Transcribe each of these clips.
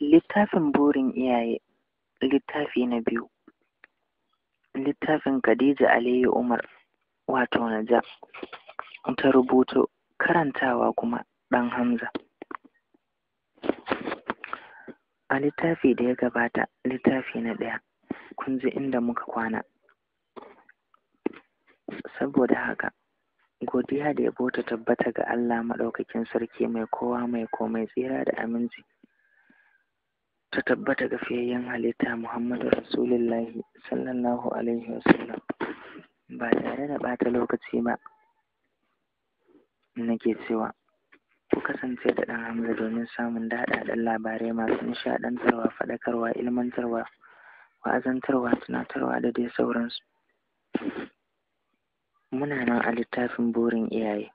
Littafin burin iyaye, littafi na biyu. Littafin Khadija Aliyu Umar, wato Najaf, ta rubuto, karantawa kuma ɗan Hamza. A littafi da ya gabata, littafi na ɗaya, kun ji inda muka kwana. Saboda haka, godiya da yabo ta tabbata ga Allah maɗaukakin sarki mai kowa mai komai tsira da aminci. ta tabbata ga fiyayyen halitta Muhammadu rasulullah sallallahu alaihi wasallam ba tare da bata lokaci ba nake cewa ku kasance da ɗan Hamza domin samun daɗaɗɗen labarai masu nishaɗantarwa, faɗakarwa, ilmantarwa, wa'azantarwa, tunatarwa da dai sauransu. Muna nan a littafin burin iyaye,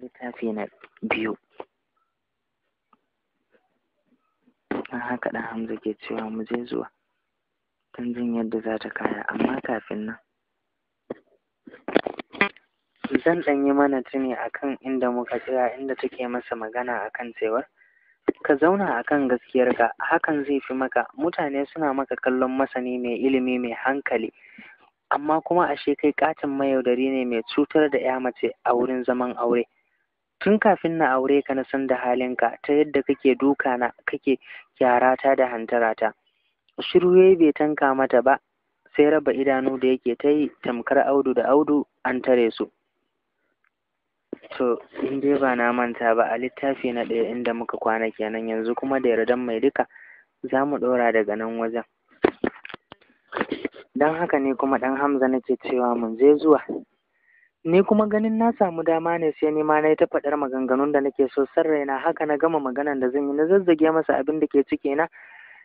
littafi na biyu. san haka ɗan Hamza ke cewa mu je zuwa don jin yadda za ta kaya amma kafin nan zan ɗan yi mana tuni akan inda muka tsaya inda take masa magana a kan cewa ka zauna a akan gaskiyarka hakan zai fi maka mutane suna maka kallon masani mai ilimi mai hankali amma kuma ashe kai katin mayaudari ne mai cutar da ya mace a wurin zaman aure tun kafin na aure ka na san da halin ka ta yadda kake duka na kake kyarata da hantarata shiru yayi bai tanka mata ba sai raba idanu da yake ta yi tamkar audu da audu an tare su to in dai ba na manta ba a littafi na ɗaya inda muka kwana kenan yanzu kuma da yardan mai duka za mu ɗora daga nan wajen Dan haka ne kuma ɗan hamza nake cewa mun je zuwa Ni kuma ganin na samu dama ne sai ni ma na yi ta faɗar maganganun da nake so san raina haka na gama maganan da zan yi na zazzage masa abin da ke ciki na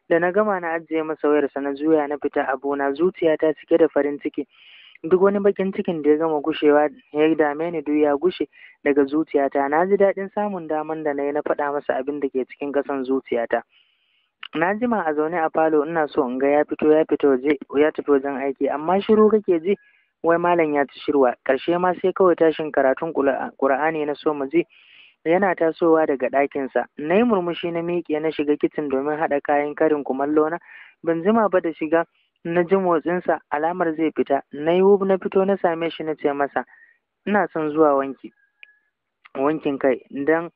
da na gama na ajiye masa wayarsa na juya na fita zuciya ta cike da farin ciki duk wani bakin cikin da ya gama gushewa ya dame ni duk ya gushe daga zuciyata na ji daɗin samun daman da na yi na faɗa masa abin da ke cikin ƙasan zuciyata na jima a zaune a falo ina so in ga ya fito ya fito ya tafi wajen aiki amma shiru kake ji wai malam ya ci shirwa ƙarshe ma sai kawai tashin karatun ƙur'ani na so mu ji yana tasowa daga ɗakinsa na yi murmushi na miƙe na shiga kicin domin haɗa kayan karin kumallo na ban jima ba da shiga na ji motsinsa alamar zai fita na yi na fito na same shi na ce masa ina son zuwa wanki wankin kai don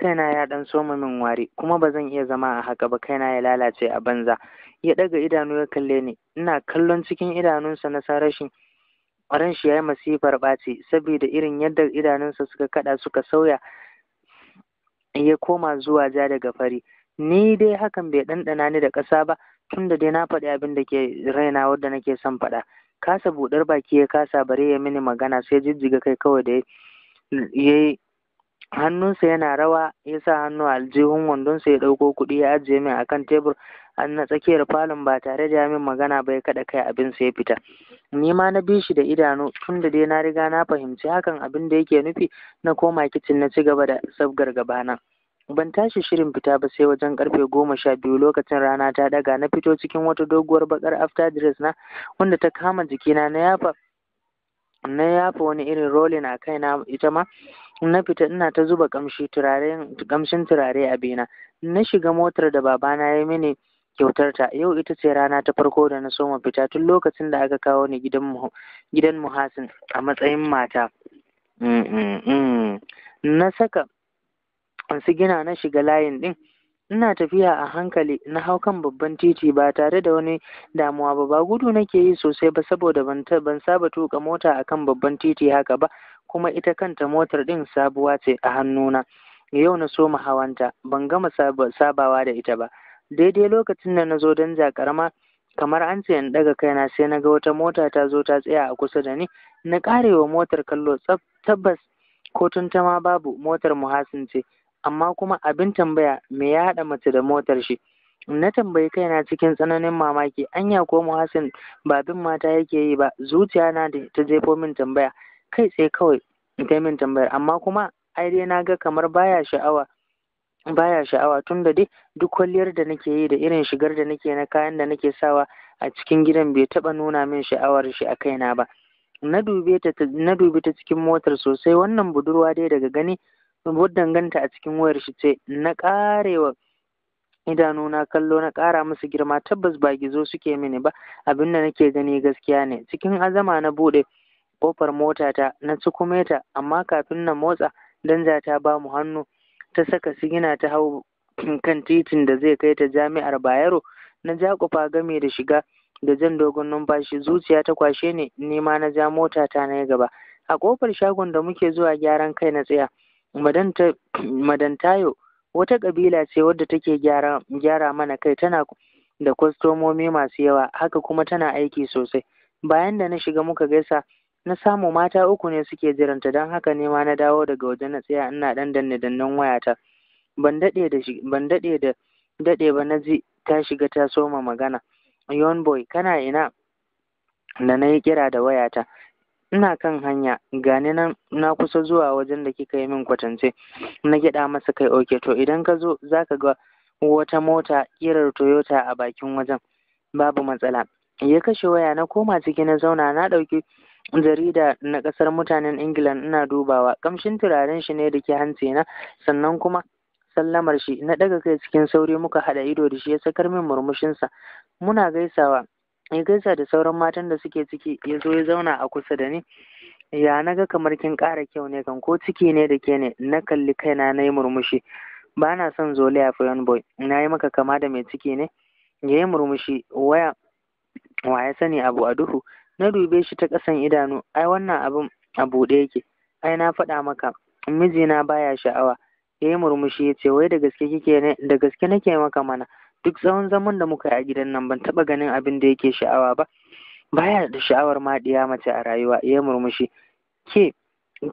kaina ya ɗan soma min ware kuma ba zan iya zama a haka ba kaina ya lalace a banza ya ɗaga idanu ya kalle ni ina kallon cikin idanunsa na sa rashin ran shi yayi masifar ɓaci saboda irin yadda idanunsa suka kaɗa suka sauya ya koma zuwa ja daga fari ni dai hakan bai ɗanɗana ni da ƙasa ba tunda dai na faɗi abin da ke raina wanda nake son faɗa kasa buɗar baki ya kasa bare ya mini magana sai jijjiga kai kawai da ya hannunsa yana rawa ya sa hannu a aljihun wandonsa ya ɗauko kuɗi ya ajiye min akan tebur Ana na tsakiyar falon ba tare da ya min magana ba ya kaɗa kai abin su ya fita ni ma na bi shi da idanu tun da dai na riga na fahimci hakan abin da yake nufi na koma kicin na ci gaba da sabgar gabana ban tashi shirin fita ba sai wajen karfe goma sha biyu lokacin rana ta daga na fito cikin wata doguwar bakar after dress na wanda ta kama jikina na yafa na yafa wani irin rolin a kaina ita ma na fita ina ta zuba ƙamshin turare kamshin turare a bena na shiga motar da babana ya mini kyautarta yau ita ce rana ta farko da na soma fita tun lokacin da aka kawo ni gidan muhasin a matsayin mata mm, mm, mm. na saka su gina na shiga layin din ina tafiya a hankali na hau kan babban titi ba tare da wani damuwa ba ba gudu nake yi sosai ba saboda ban saba tuka mota akan babban titi haka ba kuma ita kanta motar din sabuwa ce a hannuna yau na soma hawanta ban gama sabawa da ita ba daidai lokacin da na zo ja karama kamar an ce in daga kaina sai na ga wata mota ta zo ta tsaya a kusa da ni na ƙarewa motar kallo tabbas ko ma babu motar muhasin ce amma kuma abin tambaya me ya haɗa mace da motar shi na tambayi kaina cikin tsananin mamaki anya ko muhasin ba bin mata yake yi ba zuciya na da ta jefo min tambaya kai tsaye kawai ta min tambayar amma kuma ai dai na ga kamar baya sha'awa baya sha'awa tun da dai duk kwalliyar da nake yi da irin shigar da nake na kayan da nake sawa a cikin gidan bai taɓa nuna min sha'awar shi a kaina ba na dube ta na dubi ta cikin motar sosai wannan budurwa dai daga gani danganta a cikin wayar shi ce na karewa Idanu na kallo na ƙara musu girma tabbas ba gizo suke mini ba abin da nake gani gaskiya ne cikin azama na buɗe kofar motata na cikume ta amma kafin na motsa danja ta ba mu hannu ta saka sigina ta hau kan titin da zai kai ta jami'ar bayero na jakufa game da shiga da jan dogon numfashi zuciya ta kwashe ne nema na ja mota ta na gaba a kofar shagon da muke zuwa gyaran kai na tsaya madantayo wata kabila ce wadda take gyara mana kai tana da kwastomomi masu yawa haka kuma tana aiki sosai bayan da na shiga muka gaisa na samu mata uku ne suke jiranta don haka ne ma na dawo daga waje na tsaya ina dan danne dannen wayata ban daɗe da ban daɗe da dade ba na ji ta shiga ta soma magana yon boy kana ina da na yi kira da wayata ina kan hanya gane nan na kusa zuwa wajen da kika yi min kwatance na gyaɗa masa kai oke to idan ka zo za ka ga wata mota kirar toyota a bakin wajen babu matsala ya kashe waya na koma ciki na zauna na ɗauki jarida na ƙasar mutanen England ina dubawa kamshin turaren shi ne da ke hanci na sannan kuma sallamar shi na daga kai cikin sauri muka haɗa ido da shi ya sakar min murmushinsa muna gaisawa ya gaisa da sauran matan da suke ciki ya zo ya zauna a kusa da ni ya naga kamar kin ƙara kyau ne kan ko ciki ne da ke ne na kalli kaina na yi murmushi ba na son zole a fayon boy na yi maka kama da mai ciki ne ya yi murmushi waya wa ya sani abu a duhu na dube shi ta ƙasan idanu ai wannan abin a buɗe yake ai na faɗa maka mijina baya sha'awa ya yi murmushi ya ce wai da gaske kike ne da gaske nake maka mana duk tsawon zaman da muka yi a gidan nan ban taɓa ganin abin da yake sha'awa ba baya da sha'awar ma ɗiya mace a rayuwa ya yi murmushi ke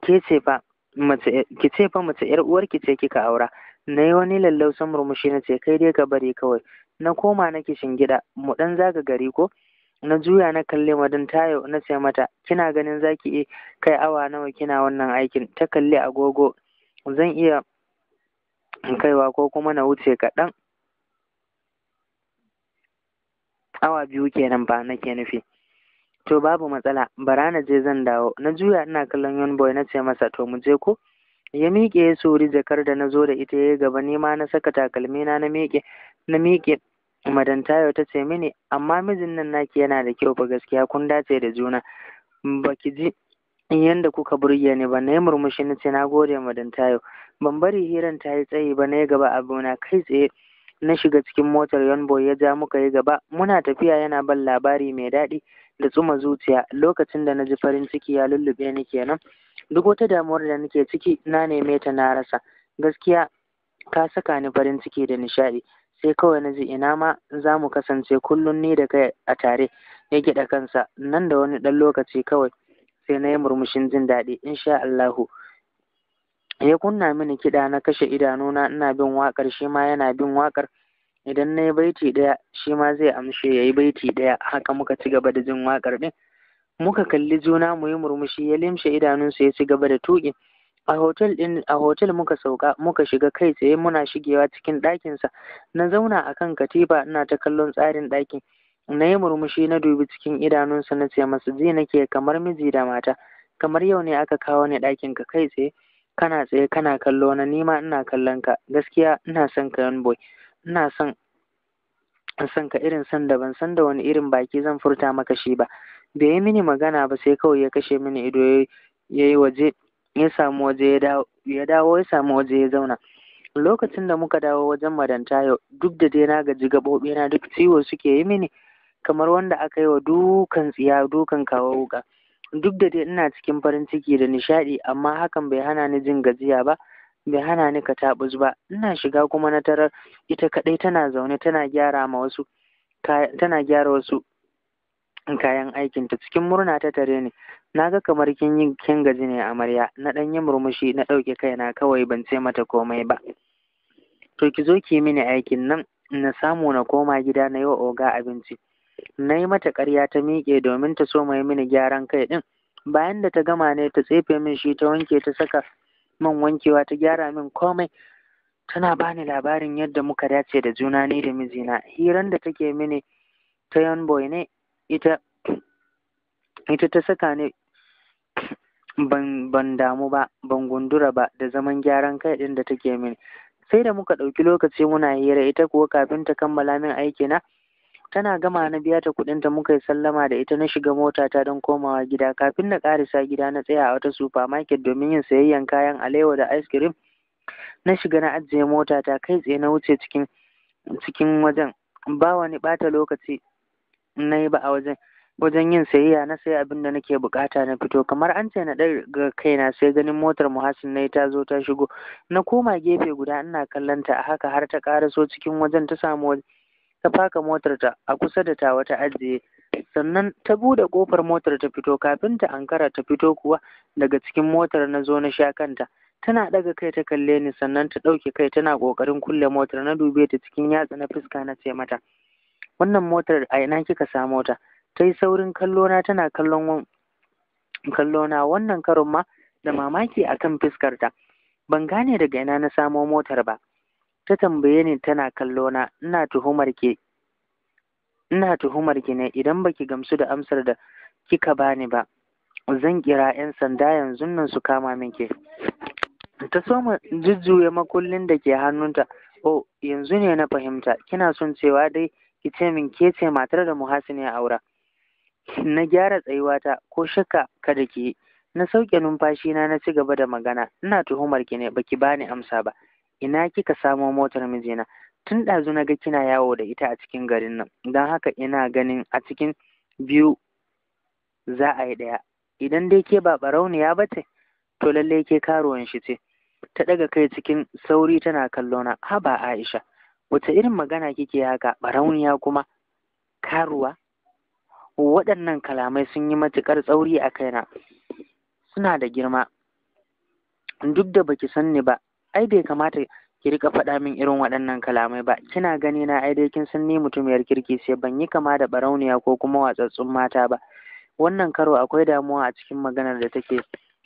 ke ce fa mace ki ce fa mace yar uwarki ce kika aura na yi wani lallausan murmushi na ce kai dai ka bari kawai na koma nake shingida mu ɗan zaga gari ko na juya na kalli madan tayo na ce mata kina ganin zaki iya kai awa nawa kina wannan aikin ta kalle agogo zan iya kaiwa ko kuma na wuce kaɗan awa biyu kenan ba nake nufi to babu matsala bara na je zan dawo na juya ina kallon yon boy na ce masa to mu je ko ya miƙe ya sori jakar da na zo da ita ya gaba nema na saka takalmina na miƙe madan tayo ta ce mini amma mijin nan naki yana da kyau ba gaskiya kun dace da juna Ba ki ji yanda kuka burge ni ba na yi murmushi na ce na gode madan tayo ban bari hiran ta yi tsayi ba na yi gaba abuna kai tsaye na shiga cikin motar yonboy ya ja muka yi gaba muna tafiya yana ban labari mai daɗi da tsuma zuciya lokacin da na ji farin ciki ya lullube ni kenan duk wata damuwar da nake ciki na neme ta na rasa gaskiya ka saka ni farin ciki da nishaɗi sai kawai na ji ina ma za mu kasance kullum ni da kai a tare ya gida kansa nan da wani ɗan lokaci kawai sai na yi murmushin jin daɗi insha Allahu ya kunna mini kiɗa na kashe idanuna ina bin waƙar shi ma yana bin waƙar idan na yi baiti ɗaya shi ma zai amshe ya yi baiti ɗaya haka muka ci gaba da jin waƙar ɗin muka kalli juna mu yi murmushi ya limshe idanunsa ya ci gaba da tuƙi a hotel din a hotel muka sauka muka shiga kai tsaye muna shigewa cikin ɗakinsa na zauna akan katifa ina ta kallon tsarin ɗakin na yi murmushi na dubi cikin idanunsa na ce masa ji nake kamar miji da mata kamar yau ne aka kawo ni ɗakin ka kai tsaye kana tsaye kana kallo na nima ina kallon ka gaskiya ina son ka yan boy ina son san ka irin san da ban san da wani irin baki zan furta maka shi ba bai yi mini magana ba sai kawai ya kashe mini ido ya yi waje ya samu waje ya dawo ya samu waje ya zauna lokacin da muka dawo wajen madanta yau duk da dai na gaji gaɓoɓi na duk ciwo suke yi mini kamar wanda aka yi wa dukan tsiya dukan kawo wuka duk da dai ina cikin farin ciki da nishaɗi amma hakan bai hana ni jin gajiya ba bai hana ni kataɓus ba ina shiga kuma na tarar ita kaɗai tana zaune tana gyara ma wasu tana gyara wasu kayan aikin ta cikin murna ta tare ni na ga kamar kin yi kin gaji ne amarya na ɗan yi murmushi na ɗauke kaina kawai ban ce mata komai ba to ki zo ki mini aikin nan na samu na koma gida na yi wa oga abinci na yi mata ƙarya ta miƙe domin ta so mai mini gyaran kai ɗin bayan da ta gama ne ta tsefe min shi ta wanke ta saka man wankewa ta gyara min komai tana bani labarin yadda muka dace da juna ni da mijina hiran da take mini ta yan boy ne ita ita ta saka ne ban ban damu ba ban gundura ba da zaman gyaran kai ɗin da take mini sai da muka ɗauki lokaci muna hira ita kuwa kafin ta kammala min aiki na tana gama na biya ta kuɗin ta muka yi sallama da ita na shiga mota ta don komawa gida kafin na ƙarisa gida na tsaya a wata supermarket domin yin sayayyen kayan alewa da ice cream na shiga na ajiye mota ta kai tsaye na wuce cikin cikin wajen ba wani ɓata lokaci na yi ba a wajen wajen yin sayayya na sai abin da nake bukata na fito kamar an ce na ga kaina sai ganin motar muhassin na ta zo ta shigo na koma gefe guda ina kallon ta a haka har ta karaso cikin wajen ta samu ta faka motar ta a kusa da ta wata ajiye sannan ta bude kofar motar ta fito kafin ta ankara ta fito kuwa daga cikin motar na zo na sha kanta tana ɗaga kai ta kalle ni sannan ta ɗauke kai tana ƙoƙarin kulle motar na dube ta cikin yatsa na fuska na ce mata wannan motar a ina kika samo ta ta yi saurin kallona tana kallona wannan karon ma da mamaki a kan fuskarta ban gane daga ina na samo motar ba ta tambaye ni tana kallona ina tuhumar ke ina tuhumar ki ne idan baki gamsu da amsar da kika bani ba zan kira 'yan sanda yanzu nan su kama min ke ta soma jujjuya makullin da ke hannunta oh yanzu ne na fahimta kina son cewa dai ita min ke ce matar da muhasin ya aura na gyara tsayuwata ko shakka kada ki na sauke numfashi na na ci gaba da magana ina tuhumar ki ne baki bani amsa ba ina kika samo motar mijina tun ɗazu na ga kina yawo da ita a cikin garin nan don haka ina ganin a cikin biyu za a yi ɗaya idan dai ke ba ɓarauniya ba ce to lallai ke karuwan shi ce ta ɗaga kai cikin sauri tana kallona haba aisha Wata irin magana kike haka barauniya kuma karuwa waɗannan kalamai sun yi matuƙar tsauri a kaina suna da girma duk da baki san ni ba ai bai kamata ki rika faɗa min irin waɗannan kalamai ba kina gani na ai dai kin san ni mutumiyar kirki sai ban yi kama da barauniya ko kuma watsatsun mata ba wannan karo akwai damuwa a cikin maganar da take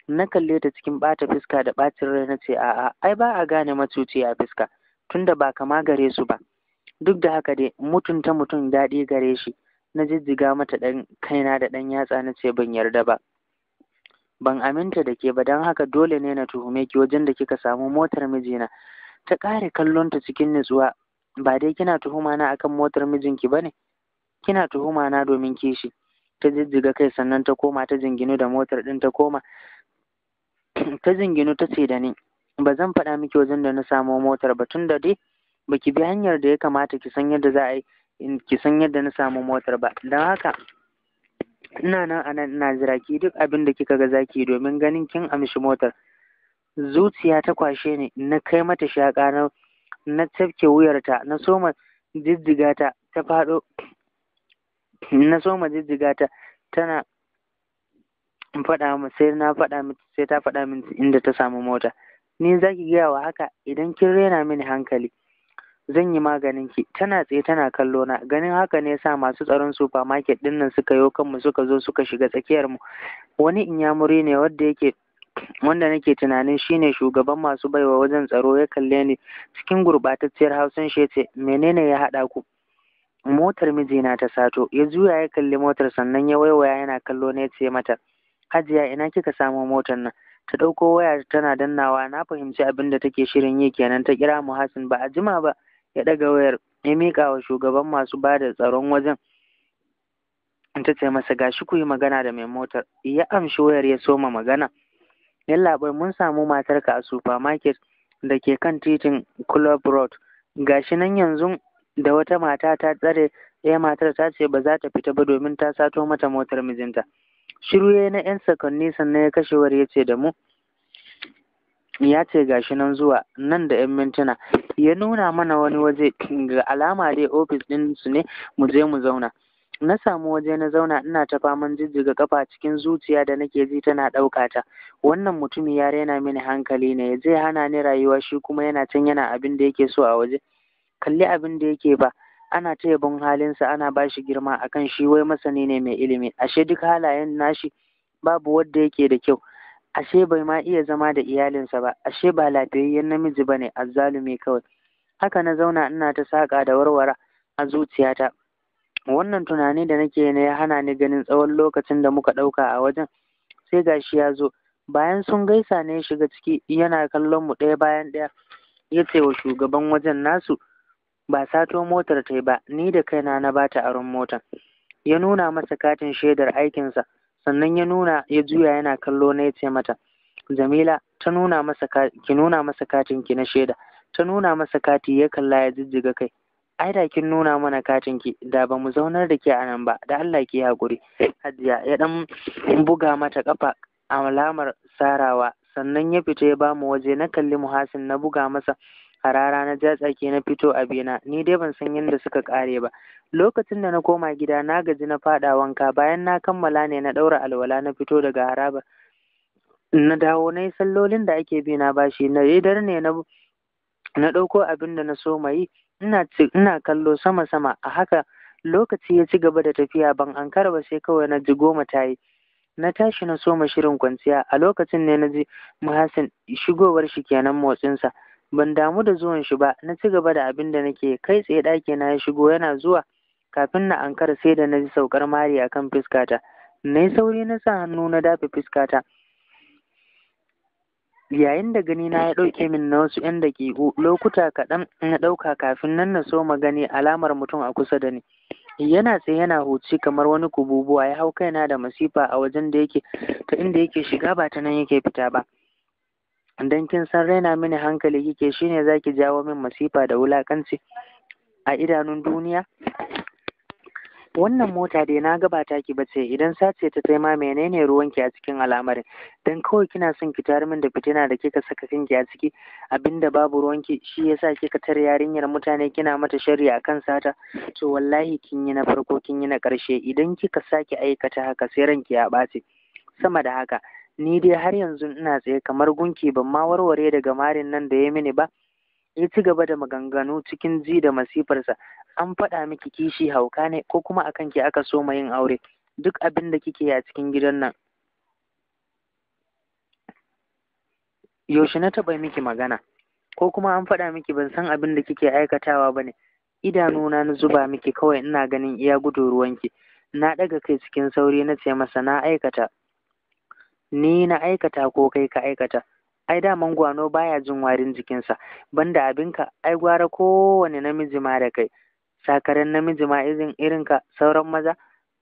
na kalle ta cikin ɓata fuska da ɓacin rai na ce a'a ai ba a gane macuci a fuska tunda ba kama gare su ba duk da haka dai mutunta mutum daɗi gare shi na jijjiga mata ɗan kaina da ɗan yatsa na ce ban yarda ba ban aminta da ke ba don haka dole ne na tuhume ki wajen da kika samu motar mijina ta ƙare kallonta cikin nutsuwa ba dai kina tuhuma na akan motar mijinki ba ne kina tuhuma na domin kishi ta jijjiga kai sannan ta koma ta jinginu da motar ɗin ta koma ta jinginu ta ce da ni ba zan faɗa miki wajen da na samo motar ba tun da dai baki bi hanyar da ya kamata ki san yadda za a yi ki san yadda na samu motar ba don haka ina nan a nan ina jira ki duk abin da kika ga zaki domin ganin kin amshi motar zuciya ta kwashe ni na kai mata shaƙa na na tafke wuyarta na soma jijjiga ta ta faɗo na soma jijjiga ta tana faɗa sai na faɗa sai ta faɗa min inda ta samu mota ni za ki gaya wa haka idan kin rena mini hankali zan yi maganin ki tana tsaye tana kallo na ganin haka ne sa masu tsaron supermarket din nan suka yo kanmu suka zo suka shiga tsakiyar mu wani inyamuri ne wanda yake wanda nake tunanin shine shugaban masu baiwa wajen tsaro ya kalle ni cikin gurbatacciyar hausan shi yace menene ya haɗa ku motar mijina ta sato ya juya ya kalli motar sannan ya waiwaya yana kallo ne ya ce mata hajiya ina kika samo motar nan ta ɗauko waya tana dannawa na fahimci abin da take shirin yi kenan ta kira mu Hassan ba a jima ba ya ɗaga wayar ya miƙa wa shugaban masu ba da tsaron wajen ta ce masa gashi ku yi magana da mai motar ya amshi wayar ya soma magana bai mun samu matar ka a supermarket da ke kan titin club road gashi nan yanzu da wata mata ta tsare ɗaya eh, matar ta ce ba za ta fita ba domin ta sato mata motar mijinta shiru ya na yan sakonni sannan ya kashewar ya ce da mu ya ce gashi nan zuwa nan da yan mintuna ya nuna mana wani waje ga alama dai ofis ɗin su ne mu je mu zauna na samu waje na zauna ina ta faman jijjiga kafa cikin zuciya da nake ji tana ɗauka ta wannan mutumi ya rena mini hankali ne zai hana ni rayuwa shi kuma yana can yana abin da yake so a waje kalli abin da yake ba ana ta yabon halinsa ana ba shi girma akan shi wai masani ne mai ilimi ashe duk halayen nashi babu wadda yake da kyau ashe bai ma iya zama da iyalinsa ba ashe ba lafiyayyen namiji ba ne azzalumi kawai haka na zauna ina ta saƙa da warware, a zuciyata wannan tunani da nake ne ya hana ni ganin tsawon lokacin da muka ɗauka a wajen sai gashi ya zo bayan sun gaisa ne shiga ciki yana kallon mu ɗaya bayan ɗaya ya ce wa shugaban wajen nasu ba sato motar ta ba ni da kaina na bata aron motar ya nuna masa katin shaidar aikinsa sannan ya nuna ya juya yana kallo na ya ce mata jamila ta nuna masa ki nuna masa katin ki na shaida ta nuna masa kati ya kalla ya jijjiga kai ai da kin nuna mana katin ki da ba mu zaunar da ke a nan ba da Allah ki hakuri hajiya ya dan buga mata kafa alamar sarawa sannan ya fita ya mu waje na kalli muhasin na buga masa a na ja tsaki na fito a bena ni dai ban san yadda suka kare ba lokacin da na koma gida na gaji na faɗa wanka bayan na kammala ne na ɗaura alwala na fito daga haraba na dawo na yi sallolin da ake bi na bashi na dare ne na na ɗauko abin da na so mai ina ina kallo sama sama a haka lokaci ya ci gaba da tafiya ban ankara ba sai kawai na ji goma ta yi na tashi na soma shirin kwanciya a lokacin ne na ji muhassin shigowar shi kenan motsinsa ban damu da zuwan shi ba na ci gaba da abin da nake kai tsaye ɗaki na ya shigo yana zuwa kafin na ankara sai da na ji saukar mari a kan fuskata na yi sauri na sa hannu na dafe fuskata yayin da gani na ya ɗauke min na wasu ‘yan daƙiƙu lokuta kaɗan na ɗauka kafin nan na so gani alamar mutum a kusa da ni yana tsaye yana huci kamar wani kububuwa ya hau kaina da masifa a wajen da yake ta inda yake shiga ba ta nan yake fita ba dan kin san raina mini hankali kike shine zaki jawo min masifa da wulakanci a idanun duniya wannan mota dai na ga ba taki ba idan sace ta tai ma menene ki a cikin al'amarin dan kawai kina son ki tare min da fitina da kika saka kanki a ciki abinda babu ruwan ki shi yasa kika tare yarinyar mutane kina mata sharri akan sata to wallahi kin yi na farko kin yi na karshe idan kika sake aikata haka sai ranki ya bace sama da haka ni dai har yanzu ina tsaye kamar gunki ban ma warware daga marin nan da ya mini ba ya ci gaba da maganganu cikin ji da masifarsa an faɗa miki kishi hauka ne ko kuma a kanki aka so yin aure duk abin da kike a cikin gidan nan yaushe na taɓa miki magana ko kuma an faɗa miki ban san abin da kike aikatawa ba ne idanuna na zuba miki kawai ina ganin iya gudu ruwanki na ɗaga kai cikin sauri na ce masa na aikata ni na aikata ko kai ka aikata ai daman gwano baya jin warin jikinsa banda abinka ai gwara kowane namiji ma da kai sakaren namiji ma irin irinka sauran maza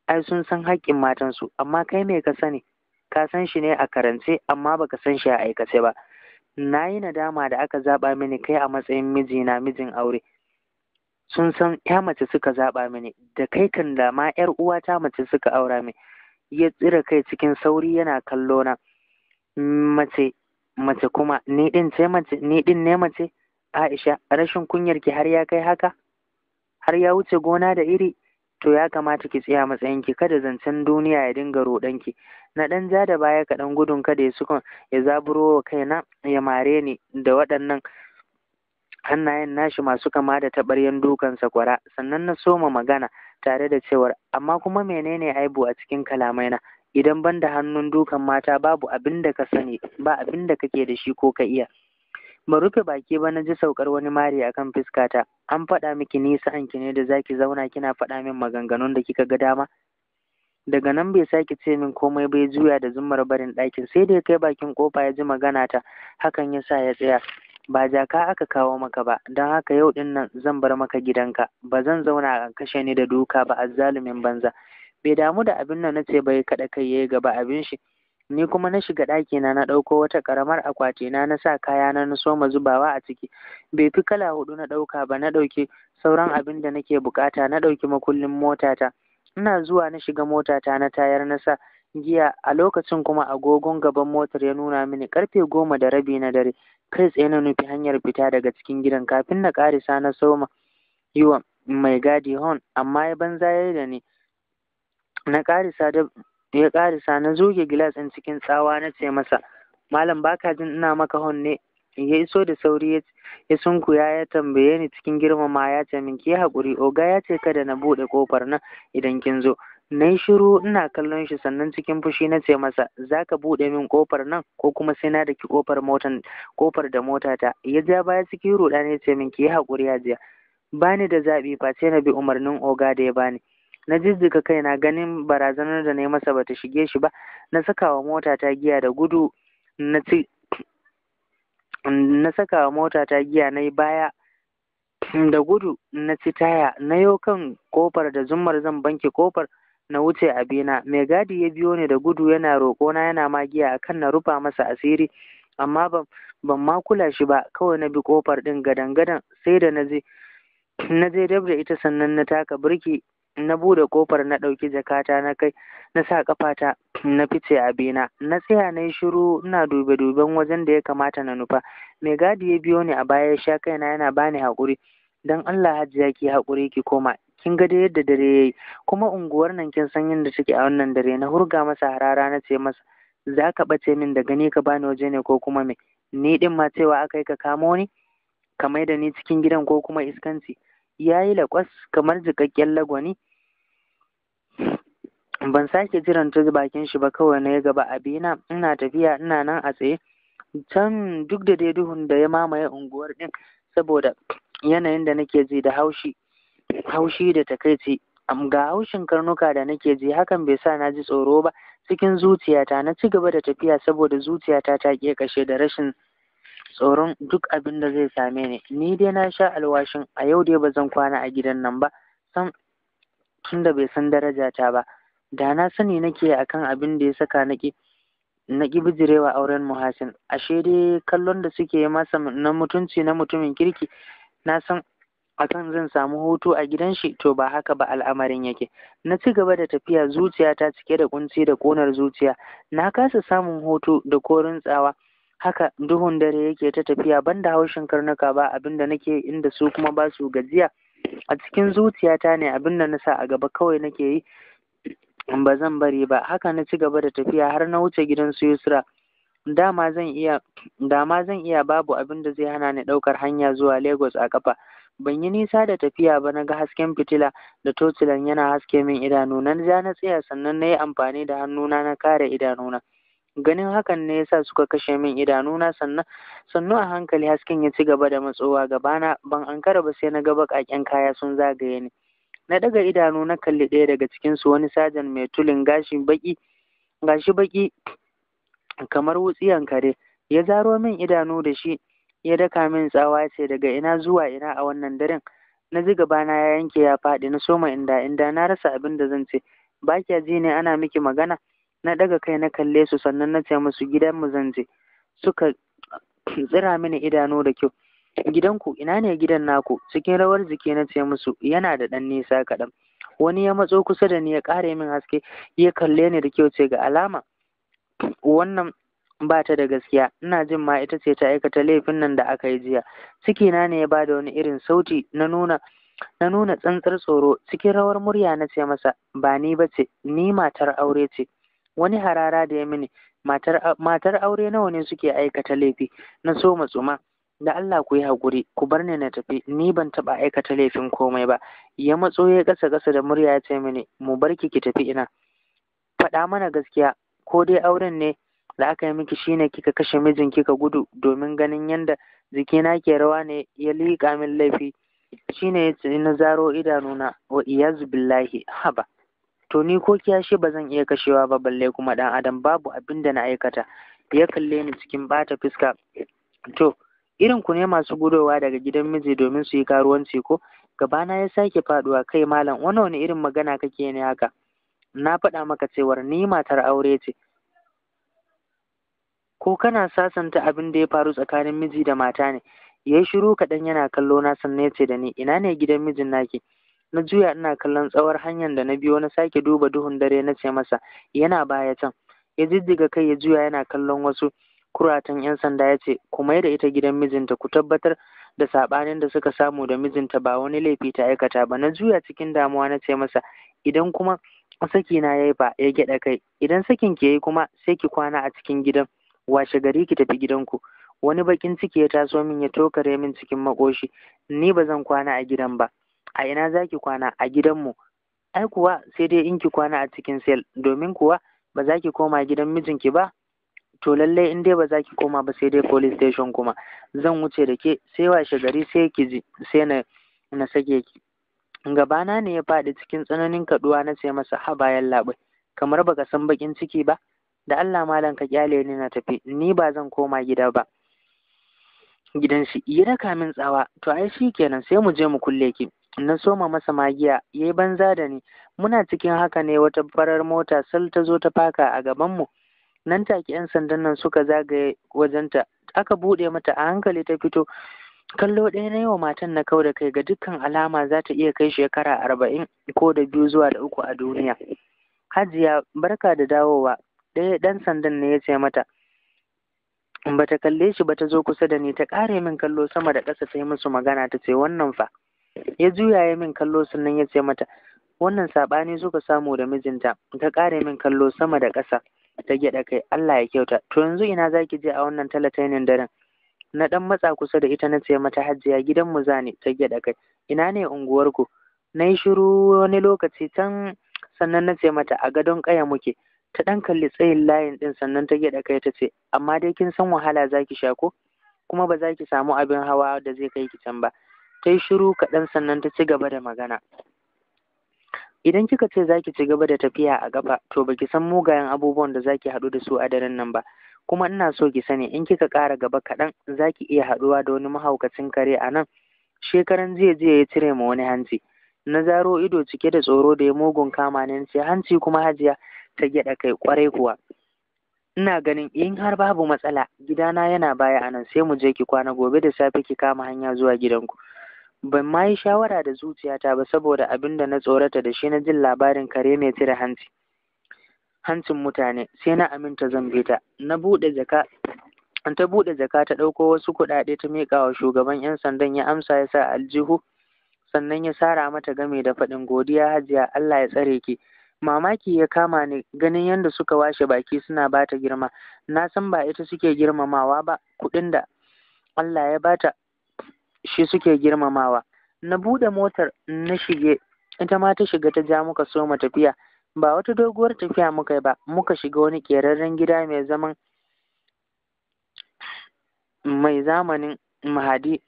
ai sun san haƙƙin matansu amma kai me ka sani ka san shi ne a karance amma baka san shi a aikace ba na yi nadama da aka zaɓa mini kai a matsayin mijina mijin aure sun san ya mace suka zaɓa mini da kai kan da ma yar uwata mace suka aura mini. ya tsira kai cikin sauri yana kallo na mace mace kuma ni din ce mace ni din ne mace Aisha rashin kunyar ki har ya kai haka har ya wuce gona da iri to ya kamata ki tsaya matsayin ki kada zancen duniya ya dinga roɗan ki na dan ja da baya kaɗan gudun kada ya sukun ya zaburo wa kaina ya mare ni da waɗannan hannayen nashi masu kama da taɓaryar dukan sakwara sannan na soma magana tare da cewar amma kuma menene aibu a cikin kalamai na? idan ban da hannun dukan mata babu abin da ka sani ba abin da kake da shi ko ka iya ban rufe baki ba na ji saukar wani mari akan fuskata an faɗa miki nisa an ki ne da zaki zauna kina faɗa min maganganun da kika ga dama daga nan bai sake ce min komai bai juya da zumar barin ɗakin sai dai kai bakin kofa ya ji magana ta hakan ya sa ya tsaya ba jaka aka kawo maka ba don haka yau din nan zan bar maka gidanka ba zan zauna a kashe ni da duka ba azzalumin banza bai damu da abin nan nace bai kada kai yayi gaba abin shi ni kuma na shiga ɗakina na na ɗauko wata ƙaramar akwati na na sa kaya na soma zubawa a ciki bai fi kala hudu na ɗauka ba na ɗauki sauran abin da nake bukata na ɗauki makullin motata ina zuwa na shiga motata na tayar na sa giya a lokacin kuma agogon gaban motar ya nuna mini karfe goma da rabi na dare kai tsaye na nufi hanyar fita daga cikin gidan kafin na ƙarisa na soma yi wa mai gadi hon amma ya banza ya da ni na ƙarisa da ya ƙarisa na zuge gilas ɗin cikin tsawa na ce masa malam baka jin ina maka hon ne ya iso da sauri ya sunkuya ya tambaye ni cikin girmama ya ce min ki haƙuri oga ya ce kada na buɗe ƙofar na, idan kin zo na yi shiru ina kallon shi sannan cikin fushi na ce masa za ka buɗe min ƙofar nan ko kuma sai na daki ƙofar motan ƙofar da motata ya ja baya cikin ruɗa ne ce min ki yi haƙuri hajiya ba ni da zaɓi face na bi umarnin oga da ya bani na jijjiga kaina ganin barazanar da na yi masa bata shige shi ba na saka wa ta giya da gudu na ci na saka wa ta giya na yi baya da gudu na ci taya na yau kan ƙofar da zummar zan banki ƙofar. na wuce abina mai gadi ya biyo ni da gudu yana roƙona yana magiya akan na rufa masa asiri amma ban ban ma kula shi ba kawai na bi kofar ɗin gadan gadan sai da na je na dab da ita sannan na taka birki na buɗe kofar na ɗauki jakata na kai na sa kafata na fice abina na tsaya na yi shiru ina dube duben wajen da ya kamata na nufa mai gadi ya biyo ni a baya ya sha kaina yana bani haƙuri don Allah hajiya ki haƙuri ki koma kin ga da yadda dare yayi kuma unguwar nan kin san yadda take a wannan dare na hurga masa harara na ce masa za ka ɓace min da gani ka bani waje ne ko kuma me ni din ma cewa aka yi ka kamo ni ka maida ni cikin gidan ko kuma iskanci yayi yi laƙwas kamar jikakken lagwani ban sake jiran ta bakin shi ba kawai na ya gaba abina ina tafiya ina nan a tsaye can duk da dai duhun da ya mamaye unguwar din saboda yanayin da nake ji da haushi haushi da takaici ga haushin karnuka da nake ji hakan bai sa na ji tsoro ba cikin zuciyata na ci gaba da tafiya saboda zuciyata ta ke kashe da rashin tsoron duk abin da zai same ni ni dai na sha alwashin a yau dai ba zan kwana a gidan nan ba sam da bai san darajata ba da na sani nake akan abin da ya saka naki na ƙi bijirewa auren muhasin ashe dai kallon da suke masa na mutunci na mutumin kirki na san akan zan samu hutu a gidan shi to ba haka ba al'amarin yake na ci gaba da tafiya zuciya ta cike da kunci da konar zuciya na kasa samun hutu da korin tsawa haka duhun dare yake ta tafiya banda haushin karnuka ba abinda nake inda su kuma ba su gajiya a cikin zuciyata ne abinda na sa a gaba kawai nake yi ba zan bari ba haka na ci gaba da tafiya har na wuce gidan su yusra dama zan iya dama zan iya babu abin da zai hana ni ɗaukar hanya zuwa lagos a kafa ban yi nisa da tafiya ba na ga hasken fitila da tocilan yana haske min idanu na ja na tsaya sannan na yi amfani da hannuna na kare idanuna ganin hakan ne yasa suka kashe min idanuna sannan sannu a hankali hasken ya ci gaba da matsowa gabana ban ankara ba sai na ga baƙaƙen kaya sun zagaye ni na daga idanu na kalli ɗaya daga cikin su wani sajan mai tulin gashi baki gashi baki kamar wutsiyan kare ya zaro min idanu da shi ya daka min tsawa ce daga ina zuwa ina a wannan daren na ji gabana ya yanke ya faɗi na soma inda inda na rasa abin da zan ce ba kya ji ne ana miki magana na daga kai na kalle su sannan na ce musu gidan mu zan je suka tsira mini idanu da kyau gidanku ina ne gidan naku cikin rawar jiki na ce musu yana da ɗan nisa kaɗan wani ya matso kusa da ni ya ƙare min haske ya kalle ni da kyau ce ga alama wannan ba ta da gaskiya ina jin ma ita ce ta aikata laifin nan da aka yi jiya cikina ne ya da wani irin sauti na nuna na nuna tsantsar tsoro cikin rawar murya na ce masa ba ni ba ce ni matar aure ce wani harara da ya mini matar aure nawa ne suke aikata laifi na so matsuma da Allah ku yi haƙuri ku bar ni na tafi ni ban taɓa aikata laifin komai ba ya matso ya ƙasa ƙasa da murya ya ce mini mu barki ki tafi ina faɗa mana gaskiya ko dai auren ne da aka yi miki shine kika kashe mijin kika gudu domin ganin yanda jikina ke rawa ne ya liƙa min laifi shine ya ce na zaro idanuna wa iyazu billahi haba to ni ko shi ba zan iya kashewa ba balle kuma dan adam babu abin da na aikata ya kalle ni cikin bata fuska to irin ku ne masu gudowa daga gidan miji domin su yi karuwanci ko gabana ya sake faduwa kai malam wani wani irin magana kake ne haka na faɗa maka cewar ni matar aure ce ko kana sasanta abin da ya faru tsakanin miji da mata ne yayi shiru kaɗan yana kallo na sannan ya ce da ni ina ne gidan mijin naki na juya ina kallon tsawar hanyar da na biyo na sake duba duhun dare na ce masa yana baya can ya jijjiga kai ya juya yana kallon wasu kuratan yan sanda ya ce ku mai da ita gidan mijinta ku tabbatar da saɓanin da suka samu da mijinta ba wani laifi ta aikata ba na juya cikin damuwa na ce masa idan kuma saki na yayi ba, ya gyaɗa kai idan sakin ke yi kuma sai ki kwana a cikin gidan washe gari ki tafi gidanku wani bakin ciki ya taso min ya tokare min cikin makoshi ni ba zan kwana a gidan ba a ina zaki kwana a gidanmu ai kuwa sai dai in ki kwana a cikin sel domin kuwa ba za ki koma gidan mijinki ba to lalle in dai ba za ki koma ba sai dai police station kuma zan wuce da ke sai washe gari sai ki ji sai na na sake ki gabana ne ya faɗi cikin tsananin kaduwa na ce masa ha bayan labai kamar baka san bakin ciki ba da Allah malam ka kyale ni na tafi ni ba zan koma gida ba gidan shi ya daka min tsawa to ai kenan sai mu je mu kulle ki na soma masa magiya yayi banza da ni muna cikin haka ne wata farar mota sal ta zo ta faka a gaban mu nan take yan sandan nan suka zagaye wajenta aka bude mata a hankali ta fito kallo ɗaya na yawa matan na kau da kai ga dukkan alama za ta iya kai shekara arba'in ko da biyu zuwa da uku a duniya hajiya barka da dawowa ɗaya ɗan sandan ne ya ce mata bata kalle shi ba ta zo kusa da ni ta ƙare min kallo sama da ƙasa ta yi musu magana ta ce wannan fa ya juya ya min kallo sannan ya ce mata wannan saɓani suka samu da mijinta ta ƙare min kallo sama da ƙasa ta gyaɗa kai Allah ya kyauta to yanzu ina za ki je a wannan talatainin daren na ɗan matsa kusa da ita na ce mata hajjiya gidan mu zani ta gyaɗa kai ina ne unguwarku na yi shiru wani lokaci can sannan na ce mata a gadon ƙaya muke ta ɗan kalli tsayin layin ɗin sannan ta gyaɗa kai ta ce amma dai kin san wahala za ki sha ko kuma ba za ki samu abin hawa da zai kai ki can ba ta yi shiru kaɗan sannan ta ci gaba da magana idan kika ce za ki ci gaba da tafiya a gaba to ba ki san mugayen abubuwan da za ki haɗu da su a daren nan ba kuma ina so ki sani in kika ƙara gaba kaɗan za ki iya haɗuwa da wani mahaukacin kare a nan shekaran jiya jiya ya cire ma wani hanci na zaro ido cike da tsoro da ya mugun kama ni ce hanci kuma hajiya ta gyaɗa kai kwarai kuwa ina ganin in har babu matsala gidana yana baya anan sai mu je ki kwana gobe da safe ki kama hanya zuwa gidanku ban ma yi shawara da zuciyata ba saboda abin da na tsorata da shi na jin labarin kare mai cire hanci hancin mutane sai na aminta zan bi ta na buɗe jaka ta buɗe jaka ta ɗauko wasu kuɗaɗe ta miƙa wa shugaban 'yan sandan ya amsa ya sa aljihu sannan ya sara mata game da faɗin godiya hajiya Allah ya tsare ki mamaki ya kama ni ganin yadda suka washe baki suna ba ta girma na san ba ita suke girmamawa ba kuɗin da Allah ya bata shi suke girmamawa na buɗe motar na shige ita ma ta shiga ta ja muka soma tafiya ba wata doguwar tafiya muka yi ba muka shiga wani ƙerarren gida mai mai zamanin mahadi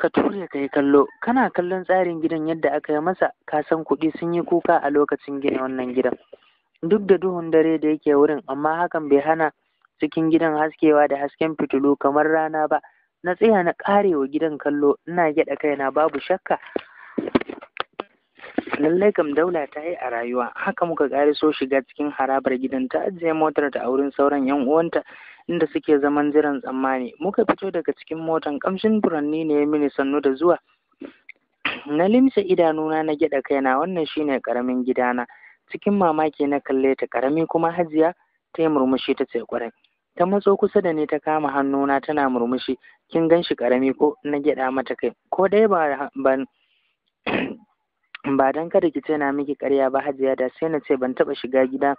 ka ture ka yi kallo kana kallon tsarin gidan yadda aka yi masa ka san kuɗi sun yi kuka a lokacin gina wannan gidan duk da duhun dare da yake wurin amma hakan bai hana cikin gidan haskewa da hasken fitilu kamar rana ba na tsaya na ƙarewa gidan kallo ina gyaɗa kaina babu shakka lallai kam daula ta yi a rayuwa haka muka so shiga cikin harabar gidan ta ajiye motar ta auren sauran yan uwanta inda suke zaman jiran tsammani muka fito daga cikin motan kamshin furanni ne ya mini sannu da zuwa na limsa idanuna na gyaɗa kaina wannan shine karamin gidana cikin mamaki na kalle ta karami kuma hajiya ta yi murmushi ta ce kwarai ta matso kusa da ni ta kama hannuna tana murmushi kin ganshi shi karami ko na gyaɗa mata kai ko dai ba ban ba don kada ki ce na miki karya ba hajiya da sai na ce ban taɓa shiga gida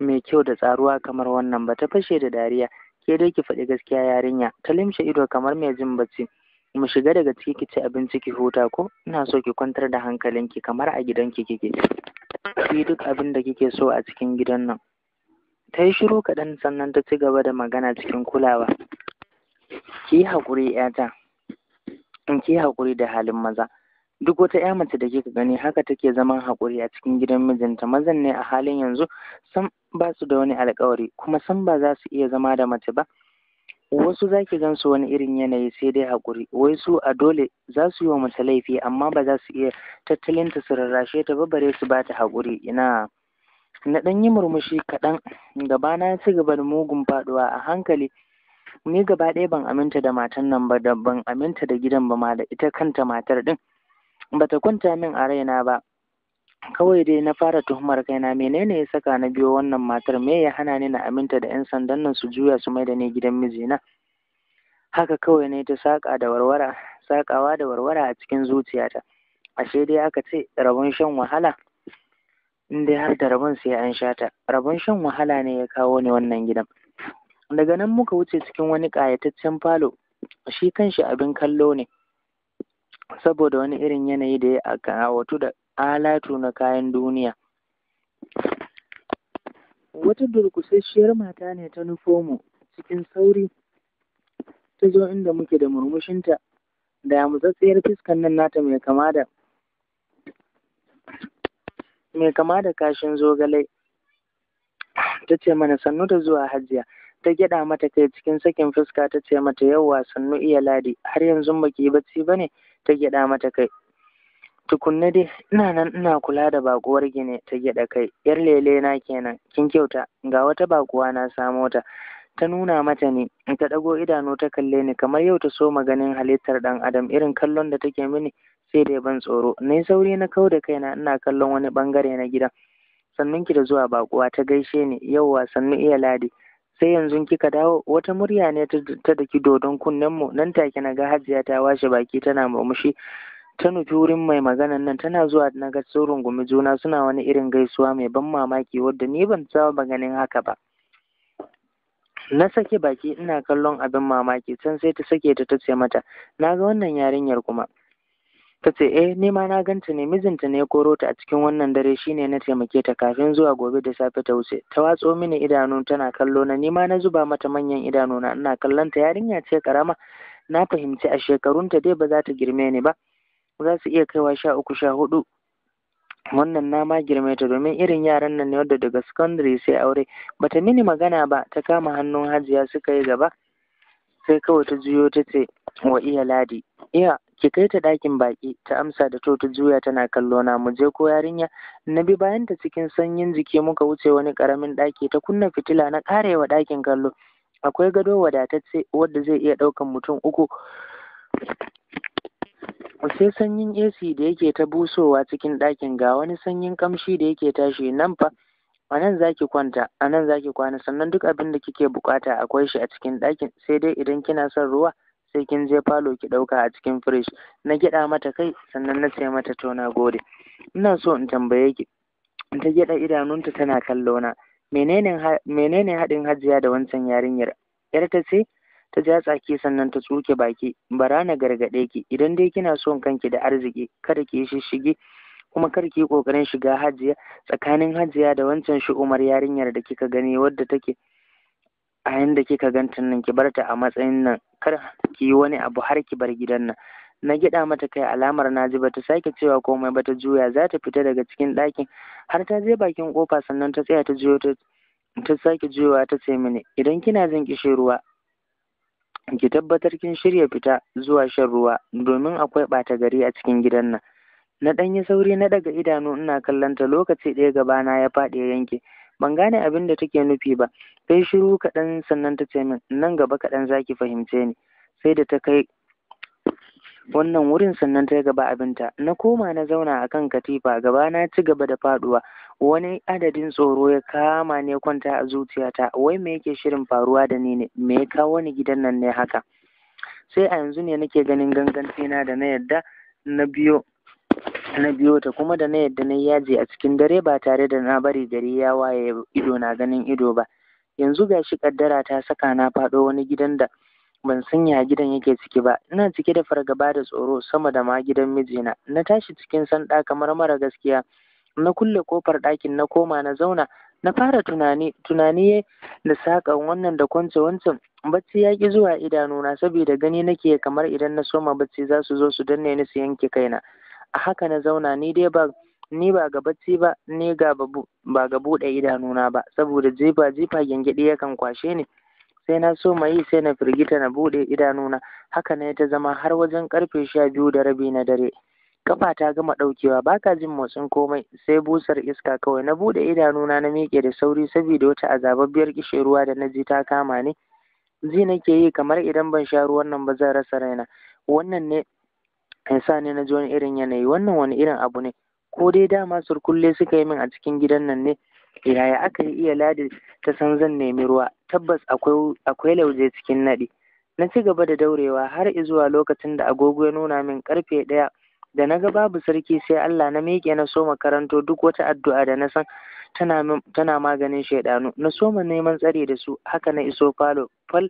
mai kyau da tsaruwa kamar wannan ba ta fashe da dariya ke dai ki faɗi gaskiya yarinya ta limshe ido kamar mai jin bacci mu shiga daga ciki ki ci abinci ki huta ko ina so ki kwantar da hankalinki kamar a gidanki kike ki duk abin da kike so a cikin gidan nan ta yi shiru kaɗan sannan ta ci gaba da magana cikin kulawa ki yi haƙuri 'yata in ki yi haƙuri da halin maza Duk wata ‘ya mace da kika gani haka take zaman haƙuri a cikin gidan mijinta, mazan ne a halin yanzu sam ba su da wani alƙawari kuma sam ba za su iya zama da mace ba. Wasu za ki gan wani irin yanayi sai dai haƙuri, wai su a dole za su yi wa mace laifi amma ba za su iya ta su rarrashe ta ba bare su ba ta haƙuri ina. Na ɗan yi murmushi kaɗan gabana ya ci gaba da mugun faɗuwa a hankali. Ni gaba ɗaya ban aminta da matan nan ba da ban aminta da gidan ba ma da ita kanta matar ɗin. bata kwanta min a raina ba kawai dai na fara tuhumar kaina menene ya saka na biyo wannan matar me ya hana ni na aminta da yan sandan nan su juya su mai da ni gidan mijina haka kawai ne ta saka da warwara sakawa da warwara a cikin zuciyata ashe dai aka ce rabon shan wahala in dai har da rabon sai an sha ta rabon shan wahala ne ya kawo ni wannan gidan daga nan muka wuce cikin wani ƙayataccen falo shi kanshi abin kallo ne saboda wani irin yanayi da ya kawatu da alatu na kayan duniya wata durkusasshiyar mata ne ta nufo mu cikin sauri ta zo inda muke da murmushinta da yamutsatsiyar fiskan nan nata mai kama da mai kama da kashin zogale ta ce mana sannu da zuwa hajiya ta gyaɗa mata kai cikin sakin fuska ta ce mata yauwa sannu iya ladi har yanzu baki bacci bane ne ta gyaɗa mata kai tukunna dai ina nan ina kula da bakuwar gine ta gyaɗa kai yar lele na kenan kin kyauta ga wata baƙuwa na samo ta ta nuna mata ne ta ɗago idanu ta kalle ni kamar yau ta so maganin halittar ɗan adam irin kallon da take mini sai dai ban tsoro na sauri na kau da kaina ina kallon wani ɓangare na gidan sannun ki da zuwa baƙuwa ta gaishe ni yauwa sannu iya ladi sai yanzu kika dawo wata murya ne ta daki dodon kunnen mu nan take na ga hajiya ta washe baki tana murmushi ta nufi wurin mai maganan nan tana zuwa na ga sun rungumi juna suna wani irin gaisuwa mai ban mamaki wadda ni ban saba ganin haka ba na sake baki ina kallon abin mamaki can sai ta sake ta tace mata na ga wannan yarinyar kuma ta ce eh ni ma na ganta ne mijinta ne ya koro ta a cikin wannan dare shine na taimake ta kafin zuwa gobe da safe ta wuce ta watso mini idanu tana kallo na ni ma na zuba mata manyan idanu na ina kallon ta yarinya ce karama na fahimci a shekarunta dai ba za ta girme ni ba za su iya kaiwa sha uku sha hudu wannan na ma girme ta domin irin yaran nan ne wadda daga secondary sai aure bata mini magana ba ta kama hannun hajiya suka yi gaba sai kawai ta juyo ta ce wa iya ladi iya ki kai ta ɗakin baƙi ta amsa da to ta juya tana kallo na mu je ko yarinya na bi bayan ta cikin sanyin jiki muka wuce wani ƙaramin ɗaki ta kunna fitila na ƙarewa ɗakin kallo akwai gado wadatacce wadda zai iya ɗaukan mutum uku sai sanyin AC da yake ta busowa cikin ɗakin ga wani sanyin ƙamshi da yake tashi nan fa a nan za ki kwanta a nan za ki kwana sannan duk abin da kike buƙata akwai shi a cikin ɗakin sai dai idan kina son ruwa sai kin je falo ki ɗauka a cikin firish na gyaɗa mata kai sannan na ce mata to na gode ina so in tambaye ki ta gyaɗa idanunta tana kallo na menene haɗin hajiya da wancan yarinyar yar ta ce ta ja tsaki sannan ta tsuke baki bara na gargaɗe ki idan dai kina son kanki da arziki kada ki shishige kuma kar ki yi ƙoƙarin shiga hajiya tsakanin hajiya da wancan shi umar yarinyar da kika gani wadda take a yanda kika ganta nan ki barta a matsayin nan kar ki yi wani abu har ki bar gidan nan na gida mata kai alamar na ji bata sake cewa komai ba ta juya za ta fita daga cikin ɗakin har ta je bakin kofa sannan ta tsaya ta juyo ta ta sake juyowa ta ce mini idan kina jin kishin ruwa ki tabbatar kin shirya fita zuwa shan ruwa domin akwai ɓata gari a cikin gidan nan na ɗan yi sauri na daga idanu ina kallon ta lokaci ɗaya gabana ya faɗi ya yanke ban gane abin da take nufi ba sai shiru kaɗan sannan ta ce min nan gaba kaɗan za ki fahimce ni sai da ta kai wannan wurin sannan ta gaba abinta na koma na zauna a kan katifa gaba na ci gaba da faɗuwa. wani adadin tsoro ya kama ne kwanta a zuciyata wai me yake shirin faruwa da ni ne me ya kawo ni gidan nan ne haka sai a yanzu ne nake ganin gangantina da na yadda na biyo na biyo ta kuma da na yadda na yaje a cikin dare ba tare da na bari gari ya waye ido na ganin ido ba yanzu gashi kaddara ta saka na faɗo wani gidan da ban san ya gidan yake ciki ba ina cike da fargaba da tsoro sama da ma gidan mijina na tashi cikin sanda kamar mara gaskiya na kulle kofar ɗakin na koma na zauna na fara tunani tunani da saƙan wannan da kwance wancan bacci ya ƙi zuwa idanuna saboda gani nake kamar idan na soma bacci za su zo su danne ni su yanke kaina a haka na zauna ni dai ba ni ba ga bacci ba ni ga ba ga buɗe idanuna ba saboda jifa jifa gyangyaɗi yakan kwashe ni sai na so yi sai na firgita na buɗe idanuna haka ne ta zama har wajen ƙarfe sha biyu da rabi na dare kafa ta gama ɗaukewa ba ka jin motsin komai sai busar iska kawai na buɗe idanuna na miƙe da sauri saboda wata azababbiyar kishe ruwa da na ji ta kama ni ji nake yi kamar idan ban sha ruwan nan ba zan rasa raina wannan ne ya sa ne na ji wani irin yanayi wannan wani irin abu ne ko dai dama surkulle suka yi min a cikin gidan nan ne yaya aka yi iya ladi ta san zan nemi ruwa tabbas akwai lauje cikin naɗi na ci gaba da daurewa har izuwa lokacin da agogo ya nuna min karfe ɗaya da na ga babu sarki sai Allah na miƙe na so karanto duk wata addu'a da na san tana, tana maganin shaidanu na soma neman tsare da su haka na iso falo fal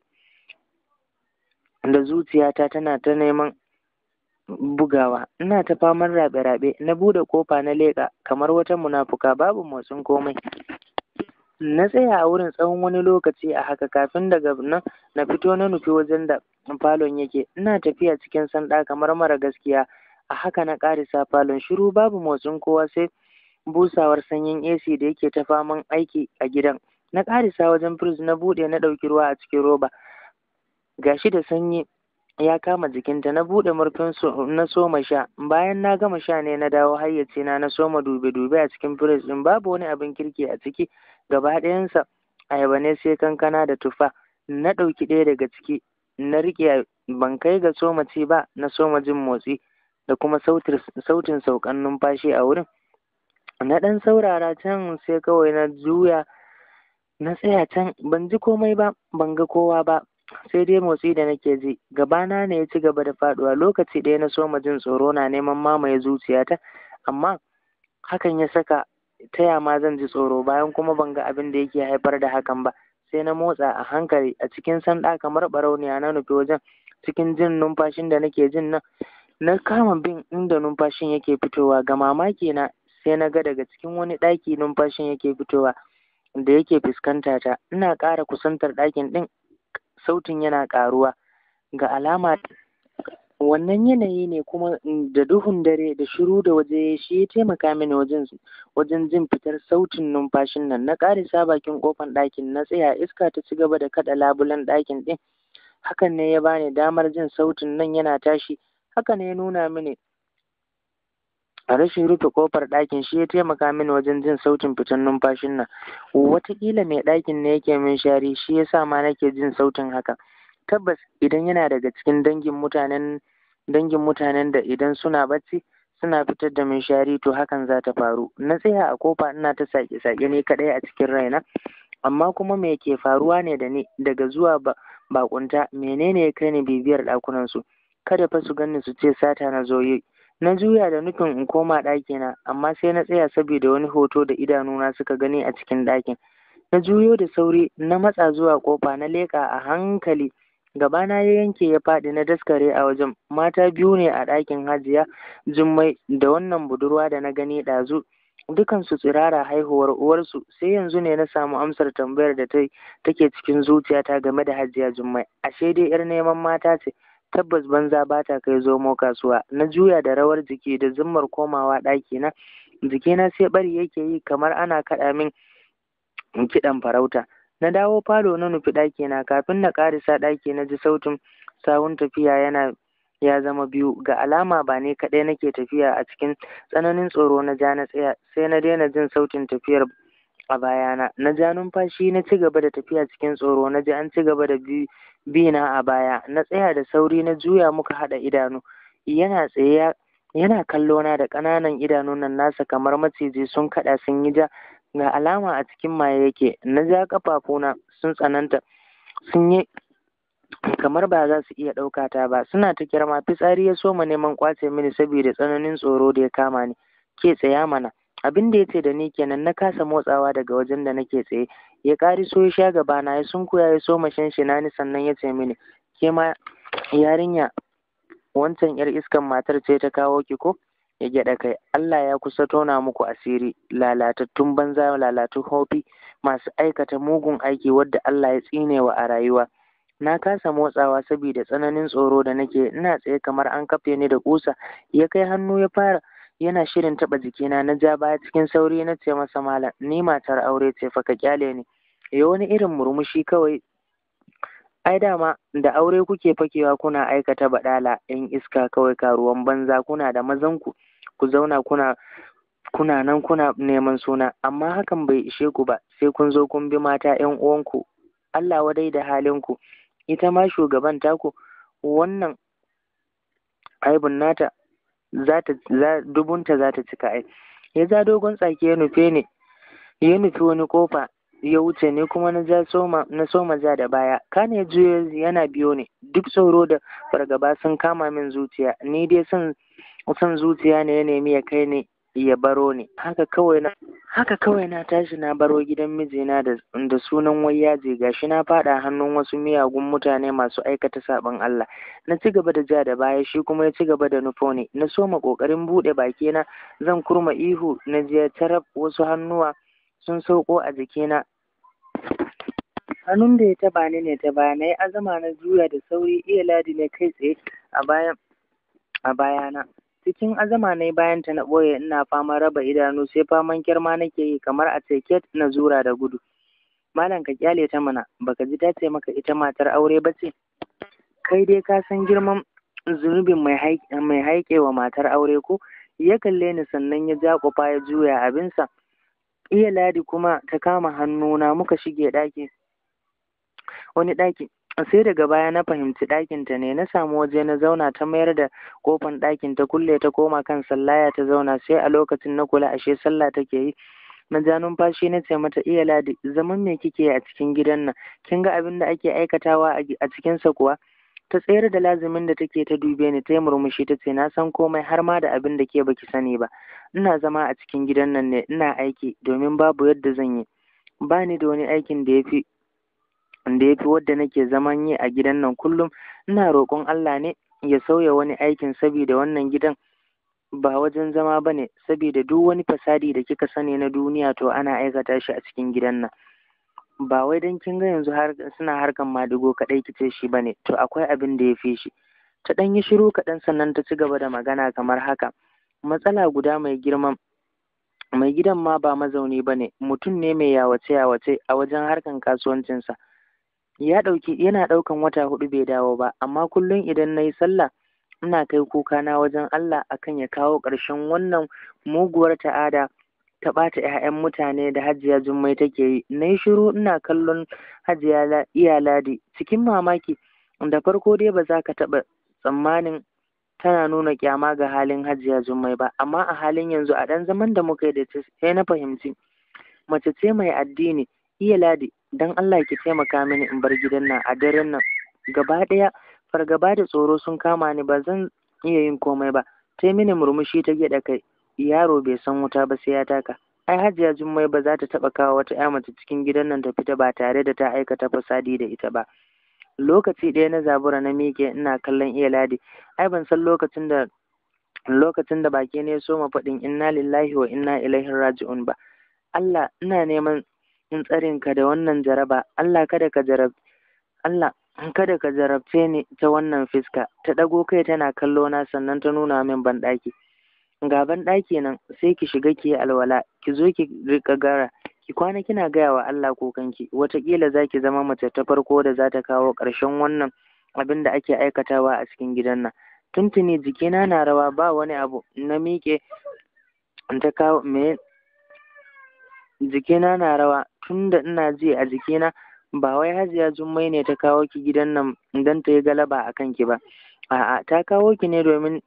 da zuciyata tana ta neman bugawa ina ta faman rabe-rabe na buɗe kofa na leƙa kamar wata munafuka babu motsin komai na tsaya a wurin tsawon wani lokaci a haka kafin daga nan na fito na nufi wajen da falon yake ina tafiya cikin sanda kamar mara gaskiya a haka na ƙarisa falon shiru babu motsin kowa sai busawar sanyin AC da yake ta faman aiki a gidan na ƙarisa wajen firij na buɗe na ɗauki ruwa a cikin roba gashi da sanyi ya kama jikinta na buɗe murfin na soma sha bayan na gama sha ne na dawo hayyacina na soma dube-dube a cikin firis din babu wani abin kirki a ciki gaba ɗayansa ayaba ne sai kankana da tufa na ɗauki ɗaya daga ciki na riƙe ban kai ga soma ci ba na soma jin motsi da kuma sautin saukan numfashi a wurin na ɗan saurara can sai kawai na juya na tsaya can ban ji komai ba ban ga kowa ba sai dai motsi da nake ji gabana ne ya ci gaba da faduwa lokaci ɗaya na soma jin tsoro na neman mamaye zuciyata amma hakan ya saka taya ma zan ji tsoro bayan kuma ban ga abin da yake haifar da hakan ba sai na motsa a hankali a cikin sanda kamar barauniya na nufi wajen cikin jin numfashin da nake jin nan na kama bin inda numfashin yake fitowa ga mamaki na sai na ga daga cikin wani ɗaki numfashin yake fitowa da yake fuskanta ta ina ƙara kusantar ɗakin ɗin sautin yana ƙaruwa ga alama wannan yanayi ne kuma da duhun dare da shiru da waje shi ya taimaka mini wajen wajen jin fitar sautin numfashin nan na ƙarisa bakin ƙofar ɗakin na tsaya iska ta ci gaba da kaɗa labulen ɗakin ɗin hakan ne ya bani damar jin sautin nan yana tashi haka ne ya nuna mini A rashin rufe kofar ɗakin shi ya taimaka min wajen jin sautin fitan numfashin nan wataƙila mai ɗakin ne yake min shari shi ya sa ma nake jin sautin haka tabbas idan yana daga cikin dangin mutanen dangin mutanen da idan suna bacci suna fitar da min shari to hakan za ta faru na tsaya a kofa ina ta saƙe-saƙe ne kaɗai a cikin raina amma kuma me ke faruwa ne da ni daga zuwa baƙunta, menene ya kai ni bibiyar ɗakunan su kada fa su ganni su ce sata na zo yi Na juya da nufin in koma ɗakina, amma sai na tsaya saboda wani hoto da idanuna suka gani a cikin ɗakin. Na juyo da sauri, na matsa zuwa ƙofa, na leƙa a hankali. Gabana ya yanke ya faɗi na daskare a wajen. Mata biyu ne a ɗakin Hajiya, Jummai da wannan budurwa da na gani ɗazu. Dukansu tsirara haihuwar uwarsu, sai yanzu ne na samu amsar tambayar da take cikin zuciyata game da Hajiya Jummai. Ashe dai 'yar neman mata ce. tabbas banza ba ta kai zomo kasuwa na juya da rawar jiki da zimmar komawa ɗaki na jikina sai bari yake yi kamar ana kaɗa min kiɗan farauta na dawo falo na nufi ɗaki na kafin na ƙarisa ɗaki na ji sautin sawun tafiya yana ya zama biyu ga alama ba ne kaɗai nake tafiya a cikin tsananin tsoro na ja na tsaya sai na daina jin sautin tafiyar a bayana na ja numfashi na ci gaba da tafiya cikin tsoro na ji an ci gaba da bina a baya na tsaya da sauri na juya muka haɗa idanu yana tsaye yana kallo na da ƙananan idanun nan nasa kamar maciji sun kaɗa sun yi ja ga alama a cikin maye yake na ja ƙafafuna sun tsananta sun yi kamar ba za su iya ɗauka ta ba suna ta kirma fitsari ya soma neman ƙwace mini saboda tsananin tsoro da ya kama ni ke tsaya mana abin da ya ce da ni kenan na kasa motsawa daga wajen da nake tsaye ya ƙariso ya sha gabana ya sunkuya ya soma shanshina ni sannan ya ce mini ke ma yarinya wancan yar iskan matar ce ta kawo ki ko ya gyaɗa kai Allah ya kusa tona muku asiri lalatattun banza lalatun hofi masu aikata mugun aiki wadda Allah ya tsine wa a rayuwa na kasa motsawa saboda tsananin tsoro da nake ina tsaye kamar an kafe ni da kusa ya kai hannu ya fara yana shirin taɓa jikina na ja baya cikin sauri na ce masa malam ni matar aure ce fa ka kyale ni ya wani irin murmushi kawai ai dama da aure kuke fakewa kuna aikata baɗala yan iska kawai karuwan banza kuna da mazanku ku zauna kuna kuna nan kuna neman suna amma hakan bai ishe ku ba sai kun zo kun bi mata yan uwanku Allah wadai da halinku ita ma shugaban taku wannan aibun nata dubunta za ta cika ai ya ja dogon tsaki ya nufe ni ya nufi wani ƙofa ya wuce ne kuma na ja soma ja da baya kane ya juyo yana biyo ni duk tsoro da fargaba sun kama min zuciya ni dai son son zuciya ne ya nemi ya kai ni ya baro ni haka kawai na haka kawai na tashi na baro gidan mijina da da sunan wai je gashi na fada hannun wasu miyagun mutane masu aikata sabon Allah na ci gaba da ja da baya shi kuma ya ci gaba da nufo na soma kokarin bude baki na zan kurma ihu na je tarab wasu hannuwa sun sauko a jikina hannun da ya taba ni ne ta baya na yi azama na juya da sauri iya ladi ne kai tsaye a bayan a bayana cikin azama na bayan ta na ɓoye ina fama raba idanu sai faman kirma nake yi kamar a teket na zura da gudu malam ka kyale ta mana baka ji ta ce maka ita matar aure ba ce kai dai ka san girman zunubin mai haikewa matar aure ko ya kalle ni sannan ya jakufa ya juya abinsa iya ladi kuma ta kama hannuna muka shige ɗaki wani ɗaki sai daga baya na fahimci ɗakinta ne na samu waje na zauna ta mayar da kofan ɗakin ta kulle ta koma kan sallaya ta zauna sai a lokacin na kula ashe sallah take yi na ja numfashi na ce mata iya ladi zaman me kike a cikin gidan nan kin ga abin da ake aikatawa a cikinsa kuwa ta tsayar da lazimin da take ta dube ni ta yi murmushi ta ce na san komai har ma da abin da ke baki sani ba ina zama a cikin gidan nan ne ina aiki domin babu yadda zan yi ba ni da wani aikin da ya fi da ya fi wadda nake zaman yi a gidan nan kullum ina roƙon Allah ne ya sauya wani aikin saboda wannan gidan ba wajen zama ba ne saboda duk wani fasadi da kika sani na duniya to ana aikata shi a cikin gidan nan ba wai don kin ga yanzu har suna harkan madigo kaɗai kice shi ba ne to akwai abin da ya fi shi ta ɗan yi shiru kaɗan sannan ta ci gaba da magana kamar haka matsala guda mai girman mai gidan ma ba mazauni ba ne mutum ne mai yawace yawace a wajen harkan kasuwancinsa ya ɗauki yana ɗaukan wata hudu bai dawo ba amma kullum idan na yi sallah ina kai kuka na wajen Allah akan ya kawo ƙarshen wannan muguwar ta'ada ta ɓata 'ya'yan mutane da hajiya jummai take yi na yi shiru ina kallon hajiya iya ladi cikin mamaki da farko dai ba za ka taɓa tsammanin tana nuna kyama ga halin hajiya jummai ba amma a halin yanzu a ɗan zaman da muka yi da sai na fahimci mace ce mai addini iya ladi don Allah ki taimaka mini in bar gidan nan a daren nan gaba ɗaya fargaba da tsoro sun kama ni ba zan iya yin komai ba ta mini murmushi ta gida kai yaro bai san wuta ba sai ya taka ai hajiya jummai ba za ta taba kawo wata ya mace cikin gidan nan ta fita ba tare da ta aikata fasadi da ita ba lokaci ɗaya na zabura na mike ina kallon iya ladi ai ban san lokacin da lokacin da baki ne so ma faɗin inna lillahi wa inna ilaihi raji'un ba Allah ina neman tsarin tsarinka da wannan jaraba Allah kada ka jarab Allah kada ka jarabce ni ta wannan fiska ta ɗago kai tana kallo na sannan ta nuna min banɗaki ga banɗaki nan sai ki shiga ki alwala ki zo ki riƙa gara ki kwana kina gaya wa Allah kokanki wataƙila za ki zama mace ta farko da za ta kawo ƙarshen wannan abin da ake aikatawa a cikin gidan nan tuntuni jikina na rawa ba wani abu na miƙe ta kawo me jikina na rawa tunda ina ji a jikina ba wai hajiya jummai ne ta kawo ki gidan nan don ta yi galaba a kanki ba a'a ta kawo ki ne domin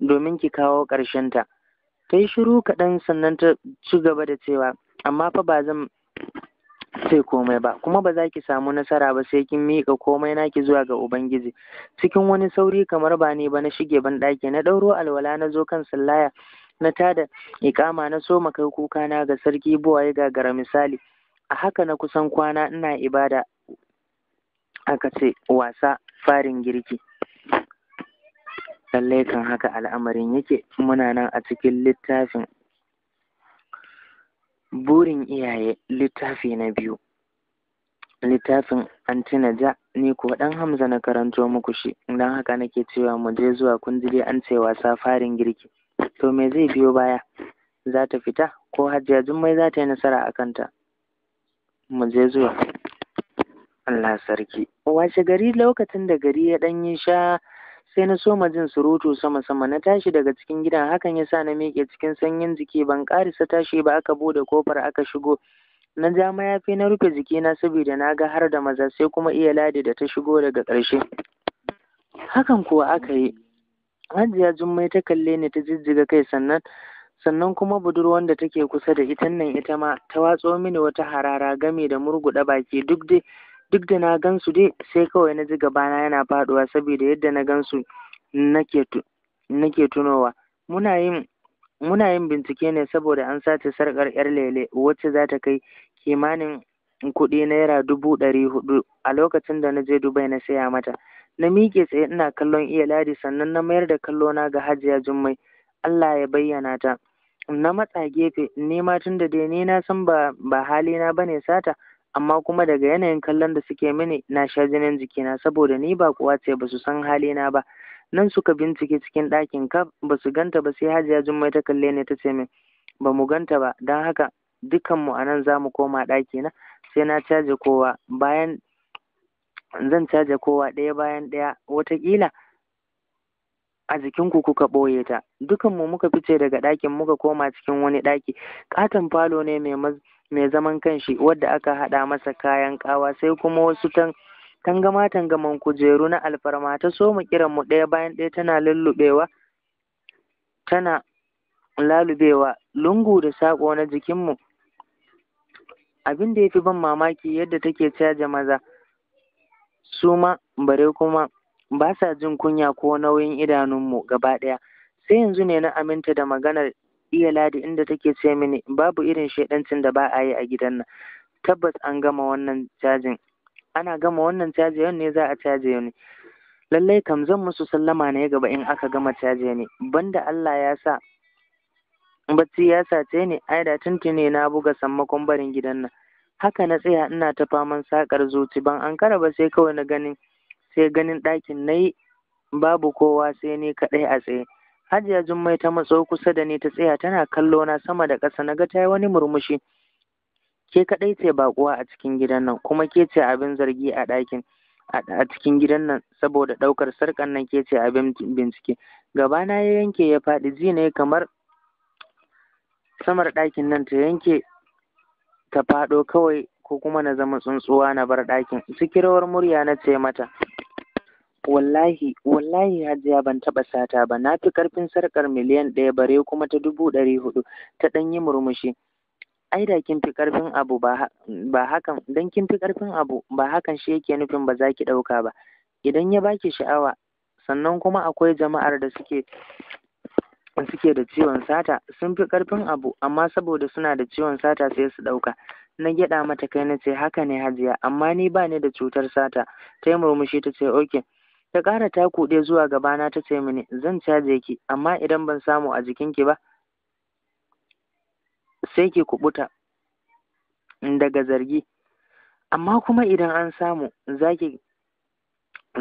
domin ki kawo ƙarshen ta ta yi shiru kaɗan sannan ta ci gaba da cewa amma fa ba zan sai komai ba kuma ba za ki samu nasara ba sai kin miƙa komai naki zuwa ga ubangiji cikin wani sauri kamar ba ni ba na shige ban ɗaki na ɗauro alwala na zo kan sallaya na tada iƙama na soma kai kuka na ga sarki buwaye gagara misali a haka na kusan kwana ina ibada aka ce wasa farin girki lallai kan haka al'amarin yake muna nan a cikin littafin burin iyaye littafi na biyu littafin antina ja ni ko dan hamza na karanto muku shi don haka nake cewa mu je zuwa kundile an ce wasa farin girki to me zai biyo baya za ta fita ko hajjajin jummai za ta yi nasara a kanta mu je zuwa Allah sarki washe gari lokacin da gari ya ɗan yi sha sai na soma jin surutu sama sama na tashi daga cikin gidan hakan ya sa na miƙe cikin sanyin jiki ban ƙarisa tashi ba aka buɗe kofar aka shigo na ja mayafi na rufe jiki na saboda na ga har da maza sai kuma iya ladi da ta shigo daga ƙarshe hakan kuwa aka yi hajiya jummai ta kalle ni ta jijjiga kai sannan sannan kuma budurwan da take kusa da ita nan ita ma ta watso mini wata harara game da murguɗa baki duk dai duk da na gansu dai sai kawai na ji gabana yana faɗuwa saboda yadda na gansu nake nake tunowa muna yin muna yin bincike ne saboda an sace sarƙar yar lele wacce za ta kai kimanin kuɗi naira dubu ɗari hudu a lokacin da na je dubai na saya mata na miƙe tsaye ina kallon iya ladi sannan na mayar da kallona ga hajiya jummai allah ya bayyana ta na matsa gefe ma tun da dai ni na san ba ba hali na bane sata amma kuma daga yanayin kallon da suke mini na sha jinin jikina saboda ni ba kuwa ce ba su san na ba nan suka bincike cikin ɗakin ka ba su ganta ba sai hajiya jummai ta kalle ne ta ce min ba mu ganta ba don haka dukkanmu a nan za mu koma na sai na caje kowa bayan zan caje kowa ɗaya bayan ɗaya watakila a jikinku kuka ɓoye ta dukanmu muka fice daga ɗakin muka koma cikin wani ɗaki ƙaton falo ne mai zaman kanshi wadda aka haɗa masa kayan ƙawa sai kuma wasu tan tangama tangaman kujeru na alfarma ta so mu kiran mu ɗaya bayan ɗaya tana lullubewa tana lalubewa lungu da saƙo na jikinmu abin da ya fi ban mamaki yadda take caja maza su ma bare kuma ba sa jin kunya ko nauyin idanunmu gaba ɗaya sai yanzu ne na aminta da maganar iya ladi inda take ce mini babu irin shaidancin da ba a yi a gidan nan tabbas an gama wannan cajin ana gama wannan caji yau ne za a caje ni lallai kam zan musu sallama ne gaba in aka gama caje ni banda Allah ya sa bacci ya sace ni ai da tuntune na buga sammakon barin gidan nan haka na tsaya ina ta faman sakar zuci ban an kara ba sai kawai na ganin sai ganin ɗakin nayi babu kowa sai ni kaɗai a tsaye hajiya jummai ta matso kusa da ni ta tsaya tana kallo na sama da ƙasa Na ga ta yi wani murmushi ke kaɗai ce baƙuwa a cikin gidan nan kuma ke ce abin zargi a ɗakin a cikin gidan nan saboda ɗaukar sarƙan nan ke ce abin bincike gabana ya yanke ya faɗi ji ne kamar samar ɗakin nan ta yanke ta faɗo kawai ko kuma na zama tsuntsuwa na bar ɗakin cikin murya na ce mata wallahi wallahi hajiya ban taɓa sata ba na fi ƙarfin sarƙar miliyan ɗaya bare kuma ta dubu ɗari hudu ta ɗan yi murmushi ai da kin fi ƙarfin abu ba hakan dan kin fi ƙarfin abu ba hakan shi yake nufin ba za ki ɗauka ba idan ya baki sha'awa sannan kuma akwai jama'ar da suke suke da ciwon sata sun fi ƙarfin abu amma saboda suna da ciwon sata sai su ɗauka na gyaɗa mata kai na ce haka ne hajiya amma ni ba ni da cutar sata ta yi murmushi ta ce oke ta ƙara taku ɗaya zuwa gabana ta ce mini zan caje ki amma idan ban samu a jikinki ba sai ki kubuta daga zargi amma kuma idan an samu zaki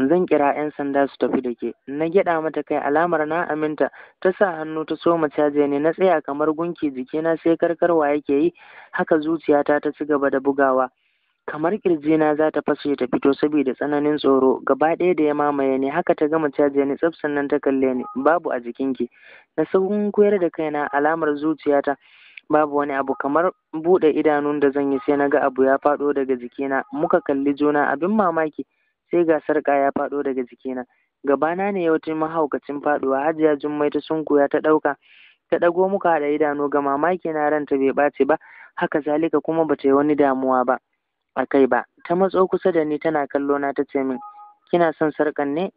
zan kira 'yan sanda su tafi da ke na gyaɗa mata kai alamar na aminta ta sa hannu ta soma caje ne na tsaya kamar gunki jikina sai karkarwa yake yi haka zuciyata ta ci gaba da bugawa kamar kirjina za ta fashe ta fito saboda tsananin tsoro gaba ɗaya da ya mamaye ni haka ta gama caji ni tsaf sannan ta kalle ni babu a jikinki na saurin koyar da kaina alamar zuciyata babu wani abu kamar buɗe idanun da zan yi sai na ga abu ya faɗo daga jikina muka kalli juna abin mamaki sai ga sarƙa ya faɗo daga jikina gabana ne ya wata mahaukacin faɗuwa hajiya jummai ta sunkuya ta ɗauka ta ɗago muka haɗa idanu ga mamaki na ranta bai ɓace ba haka zalika kuma ba ta yi wani damuwa ba a kai ba ta matso kusa da ni tana kallo na ta ce min kina son sarƙan ne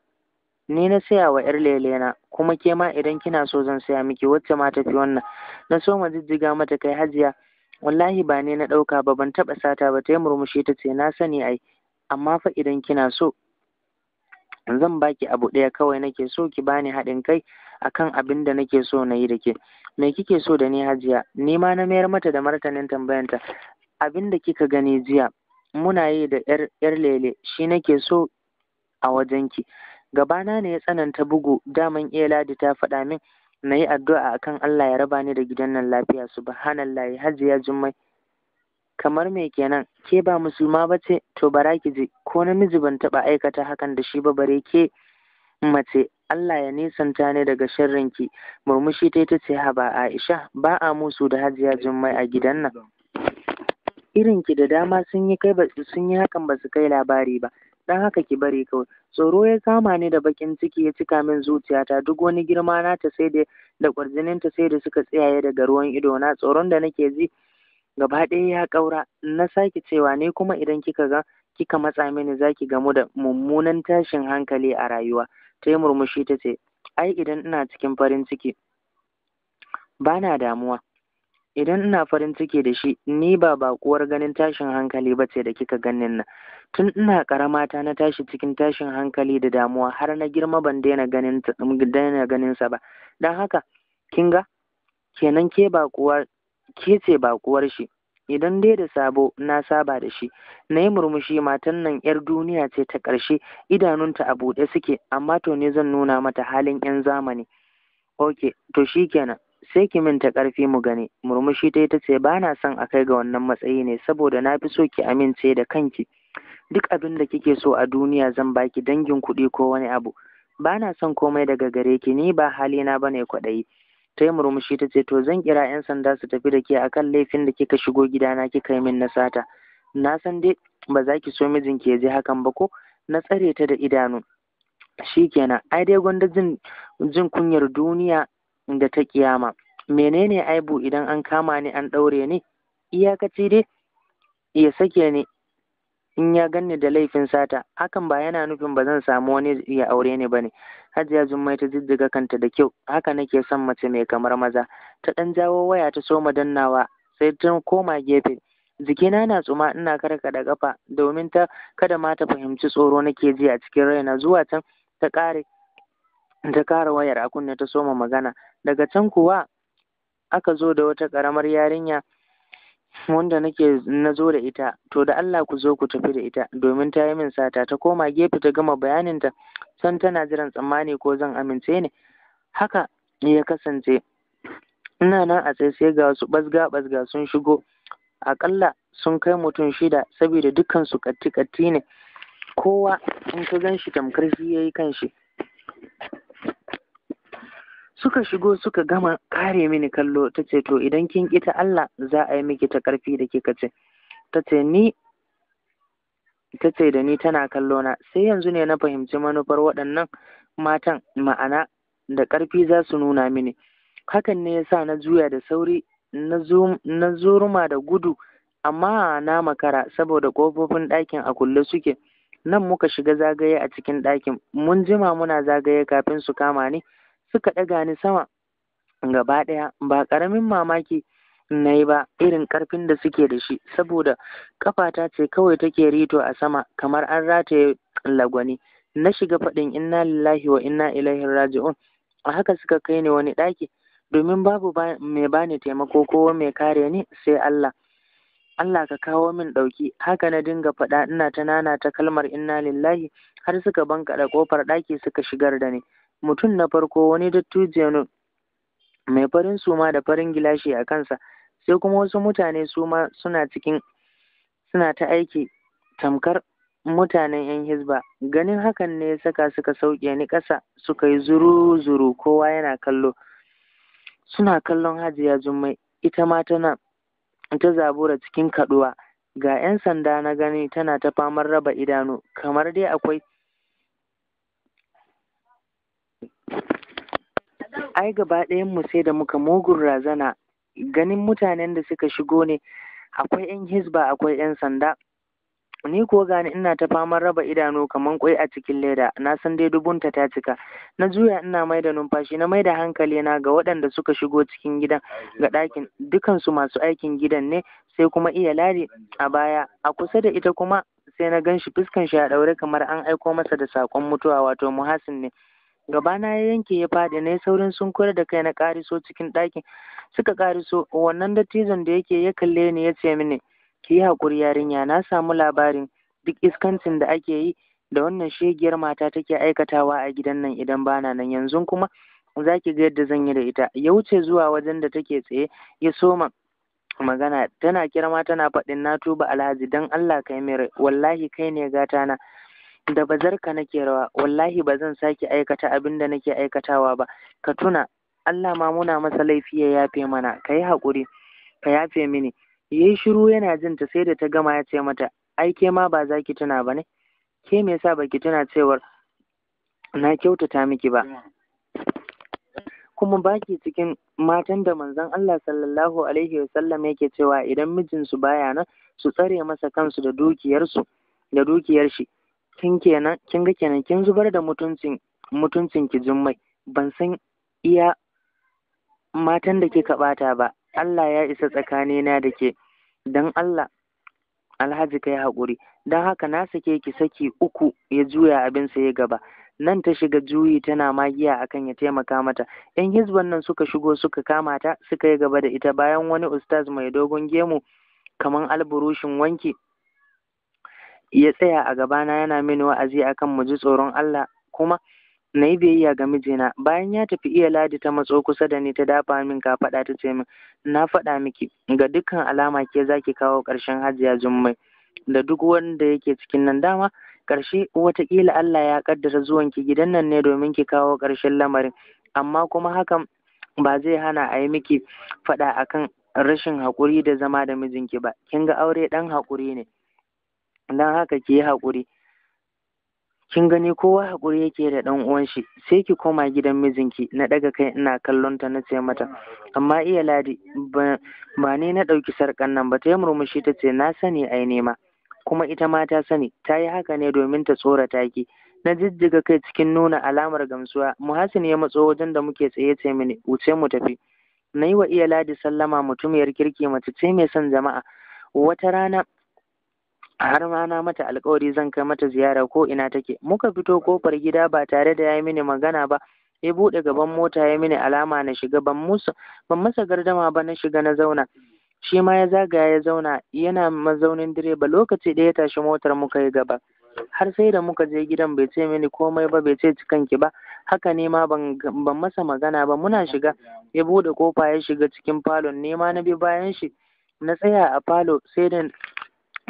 ni na saya wa 'yar lelena kuma ke ma idan kina so zan saya miki wacce ma tafi wannan na so ma jijjiga mata kai hajiya wallahi ba ne na ɗauka ba ban taɓa sata ba ta yi murmushi ta ce na sani ai amma fa idan kina so zan baki abu ɗaya kawai nake so ki bani haɗin kai akan abin da nake so na yi da ke me kike so da ni hajiya ni ma na mayar mata da martanin tambayanta abin da kika gani jiya muna yi da ‘yar lele shi nake so a wajen ki. gabana ne ya tsananta bugu daman iya ladi ta faɗa min na yi addu'a akan Allah ya raba ni da gidan nan lafiya su, subhanallahi hajiya jummai kamar me kenan ke ba musulma ba ce to bara ki je ko namiji ban taɓa aikata hakan da shi ba bare ke mace Allah ya nisanta ne daga ki murmushi ta ta ce haba Aisha ba a musu da hajiya jummai a gidan nan irin ki da dama sun yi kai sun yi hakan ba su kai labari ba dan haka ki bari kawai tsoro ya kama ni da bakin ciki ya cika min zuciyata duk wani girma na ta sai da da kwarjinin ta sai da suka tsayaye daga ruwan ido na tsoron da nake ji gaba ɗaya ya ƙaura na sake cewa ne kuma idan kika ga kika matsa mini zaki gamu da mummunan tashin hankali a rayuwa ta yi murmushi ta ce ai idan ina cikin farin ciki Bana damuwa idan ina farin ciki da shi ni ba bakuwar ganin tashin hankali ba ce da kika ganin nan tun ina karama ta na tashi cikin tashin hankali da damuwa har na girma ban daina ganin daina ganin sa ba dan haka kin ga kenan ke bakuwar ke ce bakuwar shi idan dai da sabo na saba da shi na yi murmushi matan nan yar duniya ce ta ƙarshe idanunta a buɗe suke amma to ne zan nuna mata halin yan zamani ok to kenan. sai ki minta ƙarfi mu gani murmushi ta ta ce ba na son a kai ga wannan matsayi ne saboda na fi so ki amince da kanki duk abin da kike so a duniya zan baki dangin kuɗi ko wani abu ba na son komai daga gare ki ni ba halina ba ne kwaɗayi ta yi murmushi ta ce to zan kira 'yan sanda su tafi da ke akan laifin da kika shigo gidana kika yi min na sata na san dai ba za ki so mijinki ya ji hakan ba ko na tsare ta da idanu Shi kenan, ai dai gwanda jin kunyar duniya da ta kiyama menene aibu idan an kama ni an ɗaure ni iyakaci dai ya sake ni in ya ganni da laifin sata hakan ba yana nufin ba zan samu wani ya aure ni ba ne. hajiya jummai ta jijjiga kanta da kyau haka nake son mace mai kamar maza ta ɗan jawo waya ta soma dannawa sai ta koma gefe jikina na tsuma ina karkaɗa ƙafa. domin ta kada ma ta fahimci tsoro nake ji a cikin raina zuwa can ta ƙare ta kara wayar a kunne ta soma magana daga can kuwa aka zo da wata ƙaramar yarinya wanda nake na zo da ita to da Allah ku zo ku tafi da ita domin ta yi min sata ta koma gefe ta gama bayaninta san tana jiran tsammani ko zan amince ne haka ya kasance ina nan a tsaye sai ga wasu ɓazga ɓazga sun shigo aƙalla sun kai mutum shida saboda dukkan su katti katti ne kowa in ka gan shi tamkar shi ya yi kan shi suka shigo suka gama kare mini kallo ta ce to idan kin ita Allah za a yi miki ta ƙarfi da kika ce ta ce ni ta ce da ni tana kallo na sai yanzu ne na fahimci manufar waɗannan matan ma'ana da ƙarfi za su nuna mini hakan ne yasa na juya da sauri na zuruma da gudu amma na makara saboda ƙofofin ɗakin a kulle suke nan muka shiga zagaye a cikin ɗakin mun jima muna zagaye kafin su kama ni suka ɗaga ni sama gaba ɗaya ba ƙaramin mamaki na yi ba irin ƙarfin da suke da shi saboda ƙafata ce kawai take rito a sama kamar an rataye lagwani na shiga faɗin inna lillahi wa inna ilaihi raji'un a haka suka kai ni wani ɗaki domin babu mai bani taimako ko mai kare ni sai Allah Allah ka kawo min ɗauki haka na dinga faɗa ina ta nana ta kalmar inna lillahi har suka bankaɗa ƙofar ɗaki suka shigar da ni mutum na farko wani dattijo ne mai farin suma da farin gilashi a kansa sai kuma wasu mutane suma suna cikin suna ta aiki tamkar mutanen yan hisba. ganin hakan ne ya saka suka sauke ni ƙasa suka yi zuru-zuru kowa yana kallo suna kallon hajiya jummai ita ma tana ta zabura cikin kaɗuwa. ga 'yan sanda na gani tana ta famar raba idanu kamar dai akwai ai gaba ɗayan mu sai da muka mugun razana ganin mutanen da suka shigo ne akwai yan hisba akwai yan sanda ni ko gani ina ta faman raba idanu kaman kwai a cikin leda na san dai dubunta ta cika na juya ina mai da numfashi na mai da hankali na ga waɗanda suka shigo cikin gidan ga ɗakin dukansu masu aikin gidan ne sai kuma iya lari a baya a kusa da ita kuma sai na gan shi fuskan shi a ɗaure kamar an aiko masa da saƙon mutuwa wato muhasin ne gabana ya yanke ya faɗi na saurin sun kura da kai na ƙariso cikin ɗakin suka ƙariso wannan dattijon da yake ya kalle ni ya ce mini ki yi haƙuri yarinya na samu labarin duk iskancin da ake yi da wannan shegiyar mata take aikatawa a gidan nan idan bana nan yanzu kuma za ki ga yadda zan yi da ita ya wuce zuwa wajen da take tsaye ya soma magana tana kirma tana faɗin na tuba alhaji dan Allah kai mai wallahi kai ne gata na da bazarka nake rawa wallahi ba zan sake aikata abin da nake aikatawa ba ka tuna Allah ma muna masa laifi ya yafe mana ka yi haƙuri ka yafe mini ya yi shiru yana jin ta sai da ta gama ya ce mata ai ke ma ba za ki tuna ba ne ke me yasa baki tuna cewar na kyautata miki ba kuma baki cikin matan da manzon Allah sallallahu alaihi wasallam yake cewa idan mijinsu baya nan su tsare masa kansu da dukiyarsu da dukiyar shi kin kenan kin ga kenan kin zubar da mutuncin mutuncin ki jummai ban san iya matan da kika ɓata ba Allah ya isa tsakanina da ke dan Allah Alhaji kai haƙuri don haka na sake ki saki uku ya juya abin sa ya gaba nan ta shiga juyi tana magiya akan ya taimaka mata yan hizban nan suka shigo suka kama ta suka yi gaba da ita bayan wani ustaz mai dogon gemu kaman alburushin wanki ya tsaya a gabana yana mini wa'azi akan mu ji tsoron Allah kuma na yi biyayya ga mijina bayan ya tafi iya ladi ta matso kusa da ni ta dafa min kafaɗa ta ce min na faɗa miki ga dukkan alama ke zaki kawo ƙarshen hajiya jummai da duk wanda yake cikin nan dama ƙarshe wataƙila Allah ya zuwan ki gidan nan ne domin ki kawo ƙarshen lamarin amma kuma hakan ba zai hana a yi miki faɗa akan rashin haƙuri da zama da mijinki ba kin ga aure ɗan haƙuri ne don haka ki yi haƙuri kin gani kowa haƙuri yake da ɗan uwan shi sai ki koma gidan mijinki na ɗaga kai ina kallon ta na ce mata amma iya ladi ba ne na ɗauki sarƙan nan ba ta yi murmushi ta ce na sani ai nema kuma ita ma ta sani ta yi haka ne domin ta tsorata ki na jijjiga kai cikin nuna alamar gamsuwa muhasin ya matso wajen da muke tsaye ce mini wuce mu tafi na yi wa iya ladi sallama mutumiyar kirki mace ce mai son jama'a wata rana har ma na mata alkawari zan kai mata ziyara ko ina take muka fito kofar gida ba tare da yayi mini magana ba ya buɗe gaban mota ya mini alama na shiga ban musu ban masa gardama ba na shiga na zauna shi ma ya zagaya ya zauna yana mazaunin direba lokaci ɗaya ya tashi motar muka yi gaba har sai da muka je gidan bai ce mini komai ba bai ce cikanki ba haka ne ma ban masa magana ba muna shiga ya buɗe kofa ya shiga cikin falon nema na bi bayan shi na tsaya a falo sai da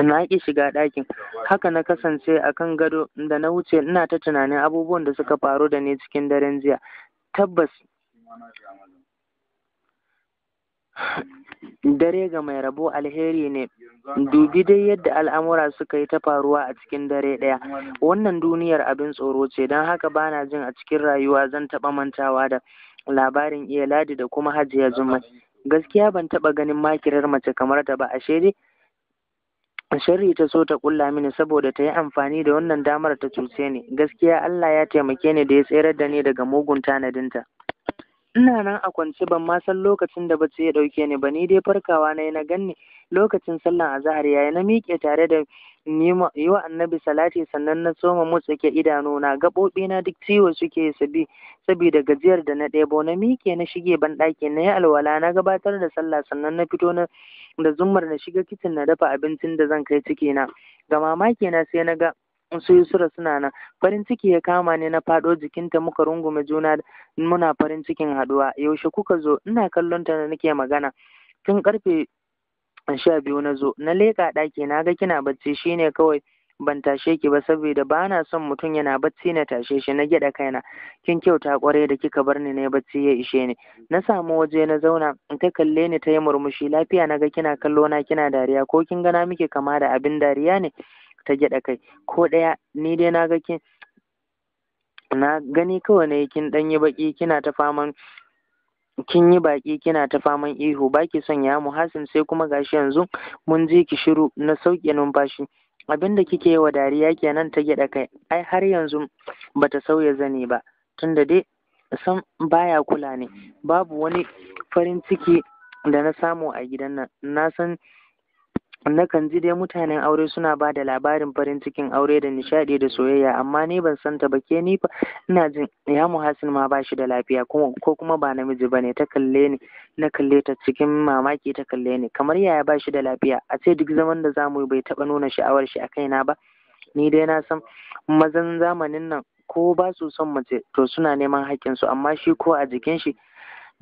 na ƙi shiga ɗakin haka na kasance a kan gado da na wuce ina ta tunanin abubuwan da suka faru da ni cikin daren jiya tabbas dare ga mai rabo alheri ne dubi dai yadda al'amura suka yi ta faruwa a cikin dare ɗaya wannan duniyar abin tsoro ce don haka bana jin a cikin rayuwa zan taɓa mantawa da labarin iya ladi da kuma hajiya jummai gaskiya ban taɓa ganin makirar mace kamar ta ba ashe dai sharri ta so ta kulla mini saboda ta yi amfani da wannan damar ta cuce ni gaskiya Allah ya taimake ni da ya tsayar da ni daga mugun tanadinta ina nan a kwance ban ma san lokacin da bace ya dauke ni ba ni dai farkawa na yi na ganni lokacin sallan azhar yayi na miƙe tare da yi wa annabi salati sannan na soma ke idanu na gaɓoɓi na duk ciwo suke sabi saboda gajiyar da na ɗebo na miƙe na shige ban ɗaki na yi alwala na gabatar da sallah sannan na fito na da zumar na shiga kicin na dafa abincin da zan kai ciki na ga mamaki na sai na ga su sura suna nan farin ciki ya kama ne na faɗo jikinta muka rungume juna muna farin cikin haɗuwa yaushe kuka zo ina kallon ta nake magana tun karfe sha biyu na zo na leka ɗaki na ga kina bacci shine kawai ban tashe ki ba saboda ba na son mutum yana bacci na tashe shi na gyaɗa kaina kin kyauta kwarai da kika bar ni na bacci ya ishe ni na samu waje na zauna ta kalle ni ta yi murmushi lafiya na ga kina kallo na kina dariya ko kin gana miki kama da abin dariya ne ta gyaɗa kai ko ɗaya ni dai na ga kin na gani kawai ne kin ɗan yi baki kina ta faman kin yi baki kina ta faman ihu baki son ya mu hasin sai kuma gashi yanzu mun je ki shiru na sauke numfashi abin da kike wa dariya kenan ta gyaɗa kai ai har yanzu bata sauya zane ba tunda dai san baya kula ne babu wani farin ciki da na samu a gidan nan na san nakan ji dai mutanen aure suna ba da labarin farin cikin aure da nishaɗi da soyayya amma ni ban santa ba ke ni ina jin ya muhasin ma ba shi da lafiya ko kuma ba namiji ba ne ta kalle ni na kalle ta cikin mamaki ta kalle ni kamar yaya ba shi da lafiya a ce duk zaman da zamu yi bai taɓa nuna sha'awar shi a kaina ba ni dai na san mazan zamanin nan ko ba su son mace to suna neman haƙƙinsu amma shi ko a jikin shi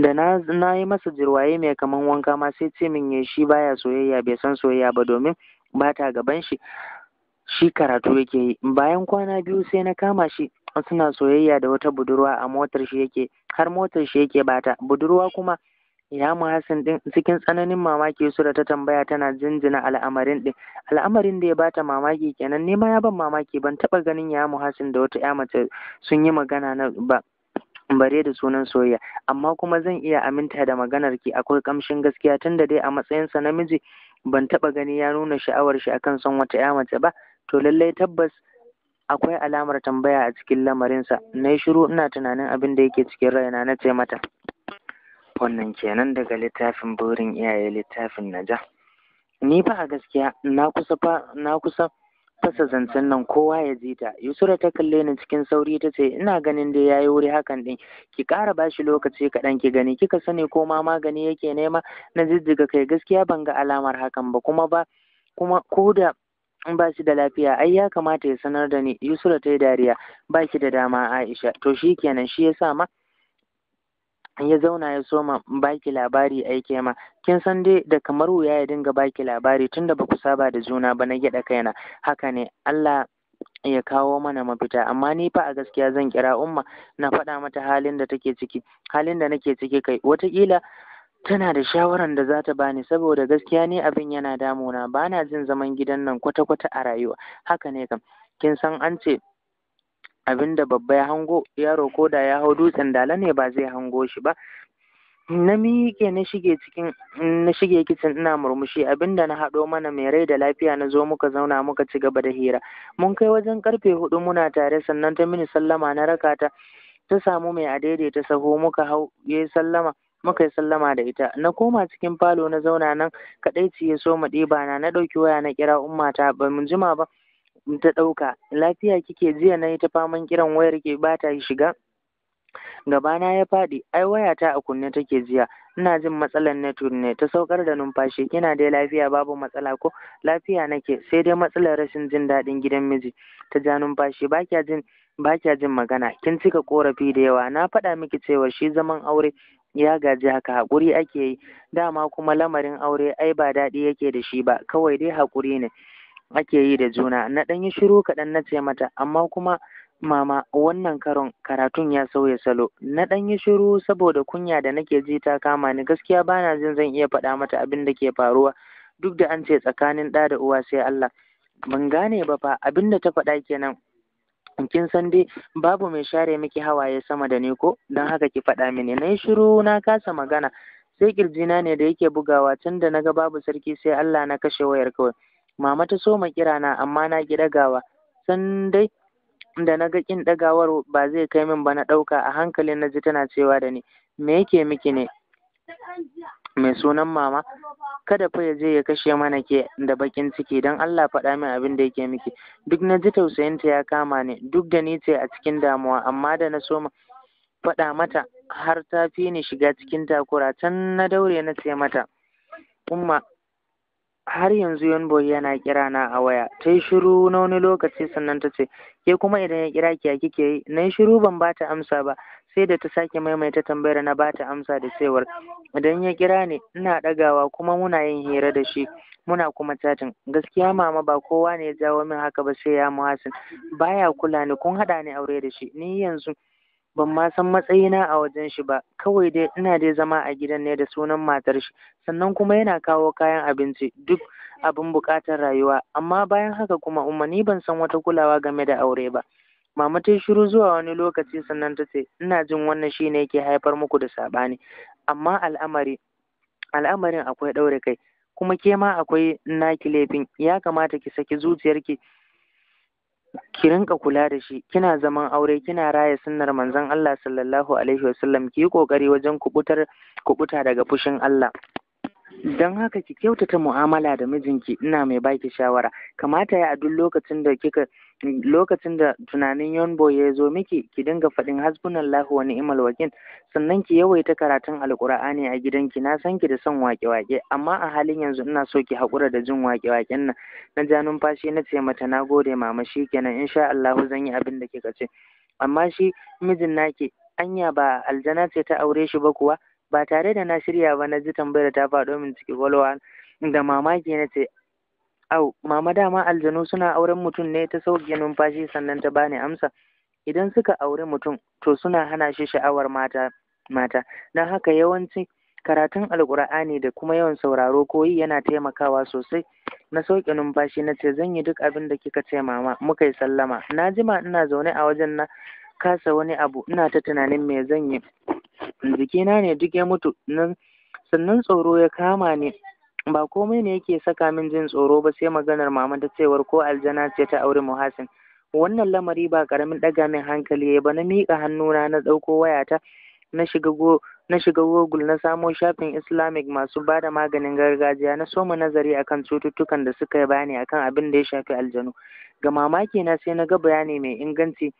da na yi masa jirwaye mai kaman wanka ma sai ce min ya shi baya soyayya bai san soyayya ba domin ba ta gaban shi shi karatu yake yi bayan kwana biyu sai na kama shi suna soyayya da wata budurwa a motar shi yake har motar shi yake bata budurwa kuma ya muhassin din cikin tsananin mamaki su da ta tambaya tana jinjina al'amarin din al'amarin da ya bata mamaki kenan nema ya ban mamaki ban taba ganin ya muhassin da wata ya mace sun yi magana na ba bare da sunan soyayya amma kuma zan iya aminta da maganar ki akwai kamshin gaskiya tunda dai a matsayin sa namiji ban taba gani ya nuna sha'awar shi akan son wata ya mace ba to lallai tabbas akwai alamar tambaya a cikin lamarin sa nayi shiru ina tunanin abin da yake cikin raina na ce mata wannan kenan daga littafin burin iyaye littafin naja ni fa a gaskiya na kusa fa na kusa fasa zancen nan kowa ya ji ta yusura ta kalle ni cikin sauri ta ce ina ganin dai yayi wuri hakan din ki kara bashi lokaci kaɗan ki gani kika sani ko ma magani yake nema na jijjiga kai gaskiya ban ga alamar hakan ba kuma ba kuma ko da in ba shi da lafiya ai ya kamata ya sanar da ni yusura ta yi dariya ba ki da dama aisha to shi kenan shi ya sa ma ya zauna ya soma baki labari aike ma kin san dai da kamar wuya ya dinga baki labari tunda ba ku saba da juna ba na gyaɗa kaina haka ne Allah ya kawo mana mafita amma ni fa a gaskiya zan kira umma na faɗa mata halin da take ciki halin da nake ciki kai wataƙila tana da shawaran da za ta bani saboda gaskiya ne abin yana damuna ba na jin zaman gidan nan kwata-kwata a rayuwa haka ne kam kin san an ce abinda babba ya hango yaro ko da ya hau dutsen dala ne ba zai hango shi ba na miƙe na shige cikin na shige kicin ina murmushi abinda na haɗo mana mai rai da lafiya na zo muka zauna muka ci gaba da hira mun kai wajen karfe hudu muna tare sannan ta mini sallama na raka ta ta samu mai adaidaita ta saho muka hau yayi sallama muka yi sallama da ita na koma cikin falo na zauna nan kaɗai ci so mu ɗiba na na ɗauki waya na kira umma ta ba mu jima ba ta ɗauka lafiya kike jiya na yi ta faman kiran wayar ke ba ta yi shiga gabana ya faɗi ai waya ta a kunne take jiya ina jin matsalar network ne ta saukar da numfashi kina dai lafiya babu matsala ko lafiya nake sai dai matsalar rashin jin daɗin gidan miji ta ja numfashi ba kya jin ba kya jin magana kin cika korafi da yawa na faɗa miki cewa shi zaman aure ya gaji haka hakuri ake yi dama kuma lamarin aure ai ba daɗi yake da shi ba kawai dai hakuri ne ake yi da juna na ɗan yi shiru kaɗan na ce mata amma kuma mama wannan karon karatun ya sauya salo na ɗan yi shiru saboda kunya da nake ji ta kama ni gaskiya bana jin zan iya faɗa mata abin da ke faruwa duk da an ce tsakanin ɗa da uwa sai Allah ban gane ba fa abin da ta faɗa kenan kin san dai babu mai share miki hawaye sama da ni ko don haka ki faɗa mini na yi shiru na kasa magana sai kirjina ne da yake bugawa tunda da na ga babu sarki sai Allah na kashe wayar kawai mama ta soma kira na amma na ki ɗagawa san dai da na ga kin ɗagawar ba zai kai min ba na ɗauka a hankali na ji tana cewa da ni me yake miki ne mai sunan mama kada fa ya je ya kashe mana ke da bakin ciki don Allah faɗa min abin da yake miki duk na ji tausayinta ya kama ni duk da ni ce a cikin damuwa amma da na soma faɗa mata har ta fi ni shiga cikin takura can na daure na ce mata umma har yanzu Yonboy yana kira na a waya ta yi shiru na wani lokaci sannan ta ce ke kuma idan ya kira ki ya kike yi na yi shiru ban ba ta amsa ba sai da ta sake maimaita tambayar na ba ta amsa da cewar idan ya kira ne ina ɗagawa kuma muna yin hira da shi muna kuma chatting gaskiya mama ba kowa ne ya jawo min haka ba sai ya muhasin baya kula ni kun haɗa ni aure da shi ni yanzu ban ma san matsayina a wajen shi ba kawai dai ina dai zama a gidan ne da sunan matar shi sannan kuma yana kawo kayan abinci duk abin buƙatar rayuwa amma bayan haka kuma umma ni ban san wata kulawa game da aure ba mama ta shiru zuwa wani lokaci sannan ta ce ina jin wannan shine yake haifar muku da saɓani amma al'amari al'amarin akwai ɗaure kai kuma ke ma akwai naki laifin ya kamata ki saki zuciyarki ki rinƙa kula da shi kina zaman aure kina raya sunnar manzon Allah sallallahu alaihi wasallam ki yi kokari wajen kubutar kubuta daga fushin Allah don haka ki kyautata mu'amala da mijinki ina mai baki shawara kamata ya a duk lokacin da kika lokacin da tunanin yonbo ya zo miki ki dinga faɗin hasbunallahu wa ni'mal wakil sannan ki yawaita karatun alqur'ani a gidanki na san ki da son wake-wake amma a halin yanzu ina so ki haƙura da jin wake-waken nan na ja numfashi na ce mata na gode mama shikenan insha Allahu zan yi abin da kika ce amma shi mijin naki anya ba aljana ce ta aure shi ba kuwa ba tare da na shirya ba na ji tambayar ta faɗo min ciki kwalwa da mamaki na ce au mama dama aljanu suna auren mutum ne ta sauke numfashi sannan ta bani amsa idan suka aure mutum to suna hana shi sha'awar mata mata don haka yawanci karatun alkur'ani da kuma yawan sauraro koyi yana taimakawa sosai na sauke numfashi na ce zan yi duk abin da kika ce mama muka yi sallama na jima ina zaune a wajen na kasa wani abu ina ta tunanin me zan yi jikina ne duk ya mutu sannan tsoro ya kama ni ba komai ne yake saka min jin tsoro ba sai maganar mama ta cewar ko aljana ce ta aure muhasin wannan lamari ba karamin daga min hankali ya ba na miƙa hannuna na ɗauko wayata na shiga go na shiga google na samo shafin islamic masu ba da maganin gargajiya na soma nazari akan cututtukan da suka yi bani akan abin da ya shafi aljanu ga mamaki na sai na ga bayani mai inganci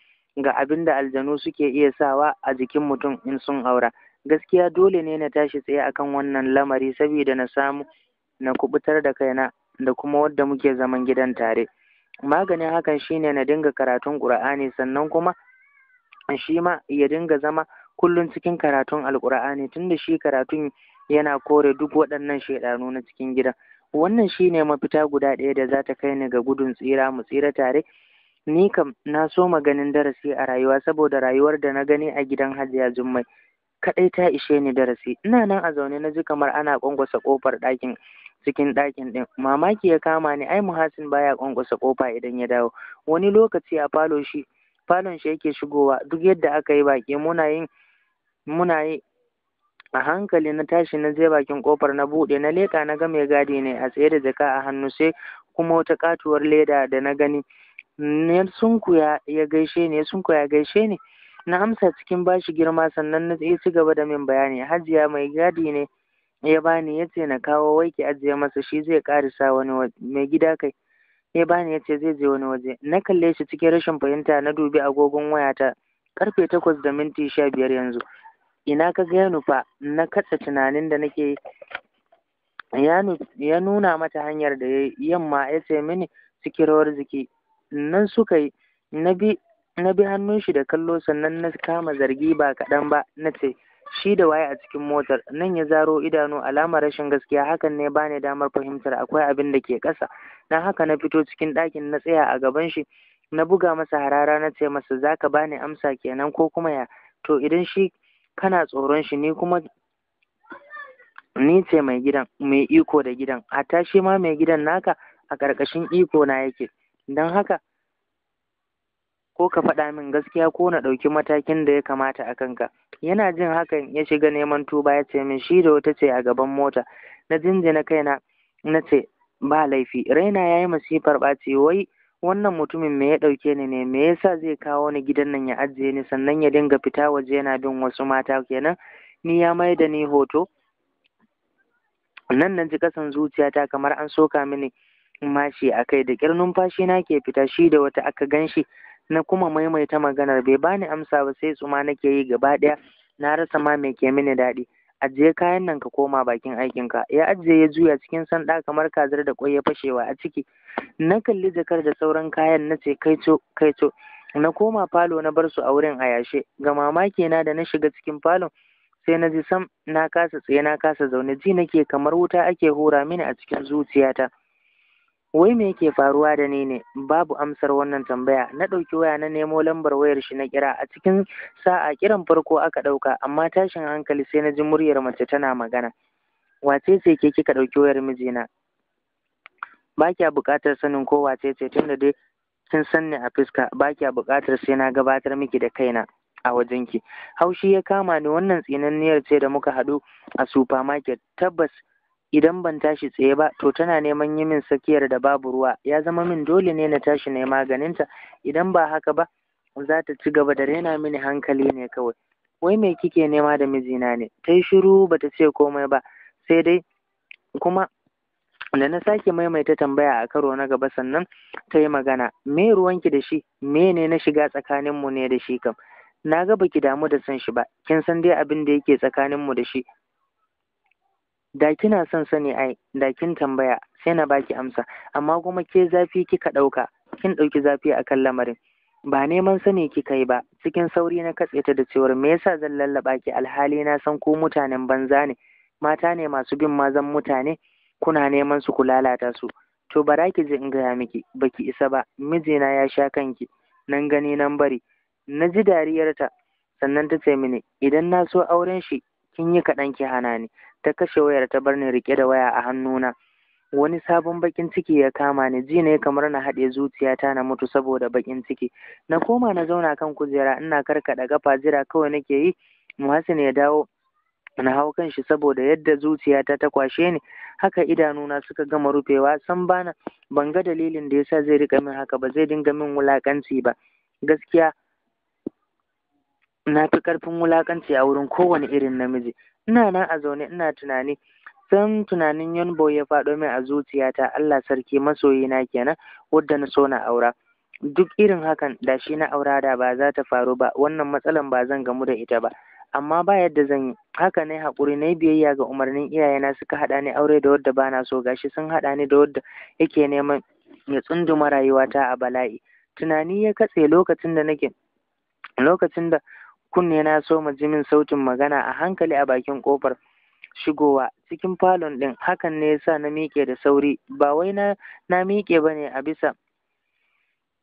ga abin da aljanu suke iya sawa a jikin mutum in sun aura gaskiya dole ne na tashi tsaye akan wannan lamari saboda na samu na kubutar da kaina da kuma wadda muke zaman gidan tare maganin hakan shine na dinga karatun ƙur'ani sannan kuma shi ma ya dinga zama kullum cikin karatun alƙur'ani tunda shi karatun yana kore duk waɗannan shaidanu na cikin gidan wannan shine mafita guda ɗaya da za ta kai ni ga gudun tsira mu tsira tare Ni kam na soma ganin darasi a rayuwa saboda rayuwar da na gani a gidan Hajiya Jummai kaɗai ta ishe ni darasi. Ina nan a zaune na ji kamar ana ƙwanƙwasa ƙofar ɗakin cikin ɗakin ɗin. Mamaki ya kama ni ai muhasin baya ƙwanƙwasa ƙofa idan ya dawo. Wani lokaci a falo shi falon shi yake shigowa duk yadda aka yi baƙi muna yin muna yi a hankali na tashi na je bakin kofar na buɗe na leƙa na ga mai gadi ne a tsaye da jaka a hannu sai kuma wata katuwar leda da na gani ya sunkuya ya gaishe ni ya gaishe na amsa cikin bashi girma sannan na ya ci gaba da min bayani hajiya mai gadi ne ya bani ya ce na kawo wai ki ajiye masa shi zai karisa wani waje mai gida kai ya bani ya ce zai je wani waje na kalle shi cikin rashin fahimta na dubi agogon wayata karfe takwas da minti sha biyar yanzu ina ka ga nufa na katsa tunanin da nake ya nuna mata hanyar da yamma ya ce mini cikin rawar jiki nan suka yi na bi hannun shi da kallo sannan na kama zargi ba kaɗan ba na ce shi da waye a cikin motar nan ya zaro idanu alamar rashin gaskiya hakan ne bani damar fahimtar akwai abin da ke ƙasa na haka na fito cikin ɗakin na tsaya a gaban shi na buga masa harara na ce masa zaka bani amsa kenan ko kuma ya to idan shi kana tsoron shi ni kuma ni ce mai gidan mai iko da gidan hatta shi ma mai gidan naka a ƙarƙashin iko na yake don haka ko ka faɗa min gaskiya ko na ɗauki matakin da ya kamata a kanka yana jin hakan ya shiga neman tuba ya ce min shi da wata ce a gaban mota na jinjina kaina na ce ba laifi raina ya yi masifar ɓaci wai wannan mutumin me ya ɗauke ni ne me yasa zai kawo ni gidan nan ya ajiye ni sannan ya dinga fita waje yana bin wasu mata kenan ni ya mai da ni hoto nan na ji kasan zuciyata kamar an soka mini mashi a kai da ƙyar numfashi na ke fita shi da wata aka gan shi na kuma maimaita maganar bai bani amsa ba sai tsuma nake yi gaba ɗaya na rasa ma me ke mini daɗi ajiye kayan nan ka koma bakin aikin ka ya ajiye ya juya cikin sanda kamar kazar da kwai ya fashewa a ciki na kalli jakar da sauran kayan na ce kai kai to na koma falo na bar su a wurin a yashe ga mamaki na da na shiga cikin falon sai na ji sam na kasa tsaye na kasa zaune ji nake kamar wuta ake hura mini a cikin zuciyata wai me yake faruwa da ni ne babu amsar wannan tambaya na ɗauki waya na nemo lambar wayar shi na kira a cikin sa'a kiran farko aka ɗauka amma tashin hankali sai na ji muryar mace tana magana wace ce ke kika ɗauki wayar mijina ba kya buƙatar sanin ko wace ce tunda dai kin san ni a fuska ba kya buƙatar sai na gabatar miki da kaina a wajen wajenki haushi ya kama ni wannan tsinanniyar ce da muka haɗu a supermarket tabbas idan ban tashi tsaye ba to tana neman yi min tsakiyar da babu ruwa ya zama min dole ne na tashi na yi maganinta idan ba haka ba za ta ci gaba da rena mini hankali ne kawai wai me kike nema da mijina ne ta yi shiru ba ta ce komai ba sai dai kuma da na sake maimaita tambaya a karo na gaba sannan ta yi magana me ruwanki da shi me ne na shiga tsakaninmu ne da shi kam na ga baki damu da son shi ba kin san dai abin da yake tsakaninmu da shi da kina son sani ai da kin tambaya sai na baki amsa amma kuma ke zafi kika ɗauka kin ɗauki zafi akan lamarin ba neman sani kika yi ba cikin sauri na katse ta da cewar me yasa zan lallaba ki alhali na san ko mutanen banza ne mata ne masu bin mazan mutane kuna neman su ku lalata su to bara ki je in gaya miki baki isa ba mijina ya sha kanki nan gani nan bari na ji dariyarta sannan ta ce mini idan na so auren shi kin yi kaɗan ki hana ni ta kashe wayar ta bar ni rike da waya a hannuna wani sabon bakin ciki ya kama ni ji ne kamar na haɗe zuciyata na mutu saboda bakin ciki na koma na zauna kan kujera ina karkaɗa gafa jira kawai nake yi muhassin ya dawo na hau kan shi saboda yadda zuciyata ta kwashe ni haka idanuna suka gama rufewa san bana ban ga dalilin da yasa zai rika min haka ba zai dinga min wulakanci ba gaskiya na fi karfin wulakanci a wurin kowane irin namiji Ina nan a zaune ina tunani, San tunanin Yanbo ya faɗo min a zuciyata, Allah sarki masoyina kenan, wadda na so na aura. Duk irin hakan da shi na aura da ba za ta faru ba, wannan matsalan ba zan gamu da ita ba. Amma ba yadda zan yi, haka ne haƙuri na biyayya ga umarnin iyayena suka haɗa ni aure da wadda ba na so gashi sun haɗa ni da wadda yake neman ya tsunduma rayuwata a bala'i. Tunani ya katse lokacin da nake lokacin da kunne na so mu ji min sautin magana a hankali a bakin kofar shigowa cikin falon ɗin? hakan ne yasa na miƙe da sauri ba wai na na miƙe bane a bisa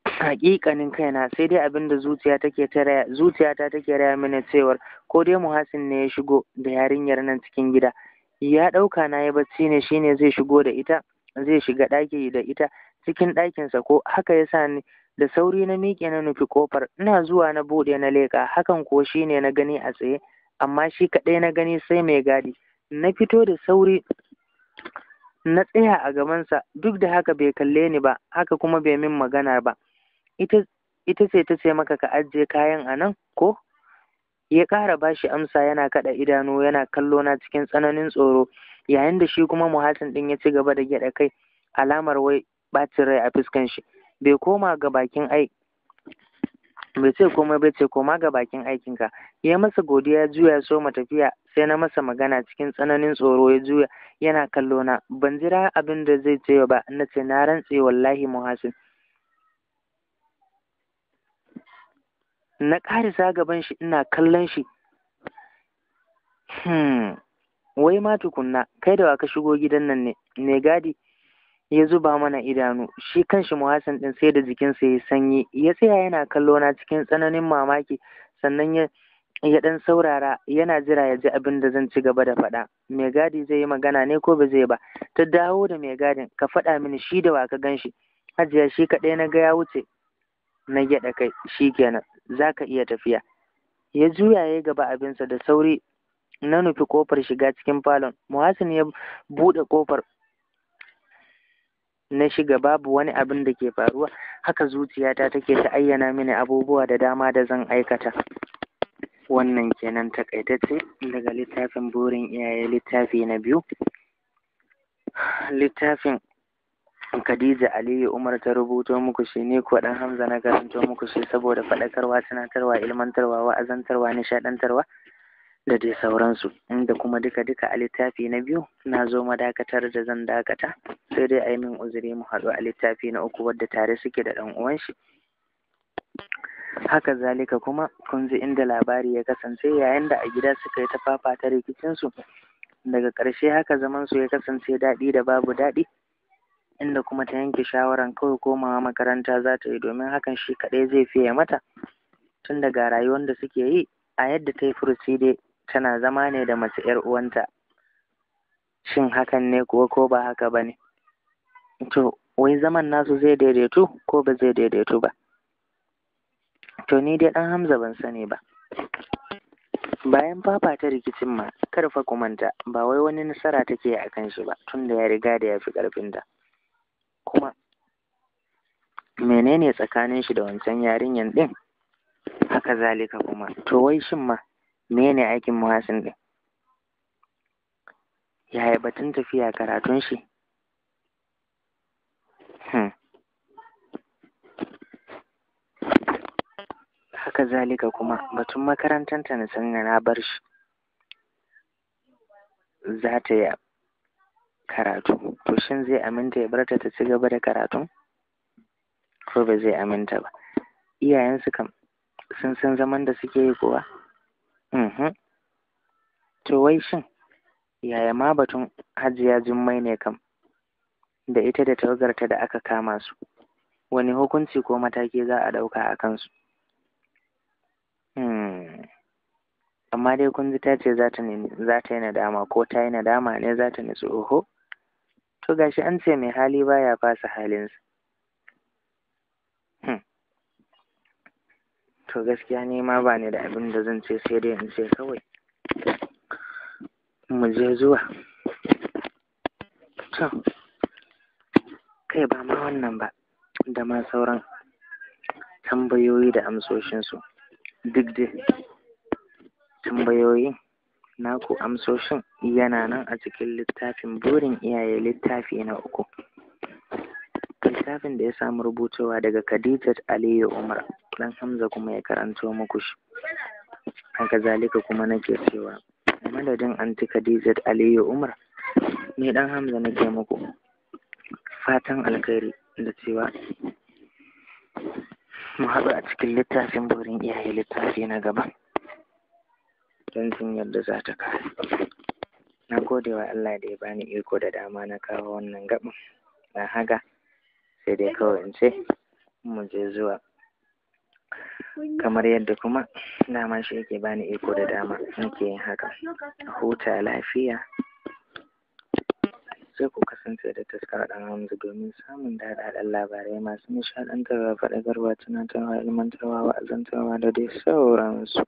hakikanin kaina sai dai abin da zuciya take taraya zuciyata take raya mini cewar ko dai muhasin ne ya shigo da yarinyar nan cikin gida ya ɗauka na yi bacci ne shine zai shigo da ita zai shiga ɗaki da ita cikin ɗakinsa ko haka yasa ni da sauri na miƙe na nufi ƙofar ina zuwa na buɗe na leƙa hakan ko shi ne na gani a tsaye amma shi kaɗai na gani sai mai gadi na fito da sauri na tsaya a gabansa duk da haka bai kalle ni ba haka kuma bai min magana ba ita ita ce ta ce maka ka ajiye kayan a nan ko ya ƙara ba shi amsa yana kaɗa idanu yana kallo na cikin tsananin tsoro yayin da shi kuma muhatin ɗin ya ci gaba da gyaɗa kai alamar wai ɓacin rai a fuskan shi bai koma ga bakin ai bai ce komai bai ce koma ga bakin aikinka ya masa godiya juya so ma tafiya sai na masa magana cikin tsananin tsoro ya juya yana kallo na ban jira abin da zai ce ba na ce na rantse wallahi muhasin na karisa gaban shi ina kallon shi hmm, wai ma tukunna kai da wa ka shigo gidan nan ne ne gadi ya zuba mana idanu shi kanshi muhassan din sai da jikinsa ya sanyi ya tsaya yana kallo na cikin tsananin mamaki sannan ya ya dan saurara yana jira ya ji abin da zan ci gaba da faɗa mai gadi zai yi magana ne ko ba zai ba ta dawo da mai gadin ka faɗa mini shi da wa ka shi hajiya shi kaɗai na ga ya wuce na gyaɗa kai shi kenan za ka iya tafiya ya juya ya gaba abinsa da sauri na nufi kofar shiga cikin falon muhassin ya buɗe kofar na shiga babu wani abin da ke faruwa haka zuciyata take ta ayyana mini abubuwa da dama da zan aikata wannan kenan takaitacce daga littafin burin iyaye littafi na biyu littafin Khadija Aliyu Umar ta rubuto muku shi ne ko dan Hamza na karanto muku shi saboda faɗakarwa, tunatarwa, ilmantarwa, wa'azantarwa, nishaɗantarwa. da dai sauransu inda kuma duka duka a littafi na biyu na zo madakatar da zan dakata sai dai a yi min uzuri mu haɗu a littafi na uku wadda tare suke da ɗan uwan shi haka zalika kuma kun ji inda labari ya kasance yayin da a gida suka yi ta fafata rikicinsu daga ƙarshe haka zaman su ya kasance daɗi da babu daɗi inda kuma ta yanke shawaran kawai komawa makaranta za ta yi domin hakan shi kaɗai zai fiye mata tun daga rayuwar da suke yi a yadda ta yi furuci dai tana zama ne da mace ‘yar uwanta shin hakan ne kuwa ko ba haka ba ne to wai zaman nasu zai daidaitu ko ba zai daidaitu ba to ni dai ɗan hamza ban sani ba bayan fafa ta rikicin ma karfa kumanta ba wai wani nasara take a kan shi ba tunda ya riga da ya fi ƙarfinta kuma menene tsakanin shi da wancan yarinyan ɗin haka zalika kuma to wai shin ma Mene aikin muhasin ɗin? Yaya batun tafiya karatun shi? Hmm. Haka zalika kuma batun ta na sanya na bar shi. Za ta yi karatu, to shin zai aminta ya barta ta ci gaba da karatun? Ko ba zai aminta ba. Iyayensu kam sun san zaman da suke yi kuwa? Uhm. To wai shin yaya ma batun Hajiya Jummai ne kam da ita da tawagarta da aka kama su, wani hukunci ko mataki za a ɗauka a kansu? Uhm. Amma dai kun ji ta ce za ta yi nadama ko ta yi nadama ne za ta oho, to ga shi an ce mai hali baya fasa halinsa. to gaskiya ni ma ba ni da abin da zan ce sai dai in ce kawai mu je zuwa to kai ba ma wannan ba da ma sauran tambayoyi da amsoshinsu duk dai tambayoyin naku amsoshin yana nan a cikin littafin burin iyaye littafi na uku littafin da ya samu rubutowa daga khadijat aliyu umar dan Hamza kuma ya karanto muku shi haka zalika kuma nake cewa madadin anti Khadijat Aliyu Umar ni dan Hamza nake muku fatan alkhairi da cewa mu haɗu a cikin littafin burin iyaye littafi na gaba don jin yadda za ta kare na gode wa Allah da ya bani iko da dama na kawo wannan gaɓin na haga sai dai kawai in mu je zuwa kamar yadda kuma dama shi yake bani iko da dama nake yin haka huta lafiya sai ku kasance da taskar ɗan hamza domin samun daɗaɗɗen labarai masu nishaɗantarwa faɗakarwa tunatarwa ilmantarwa wa'azantarwa da dai sauransu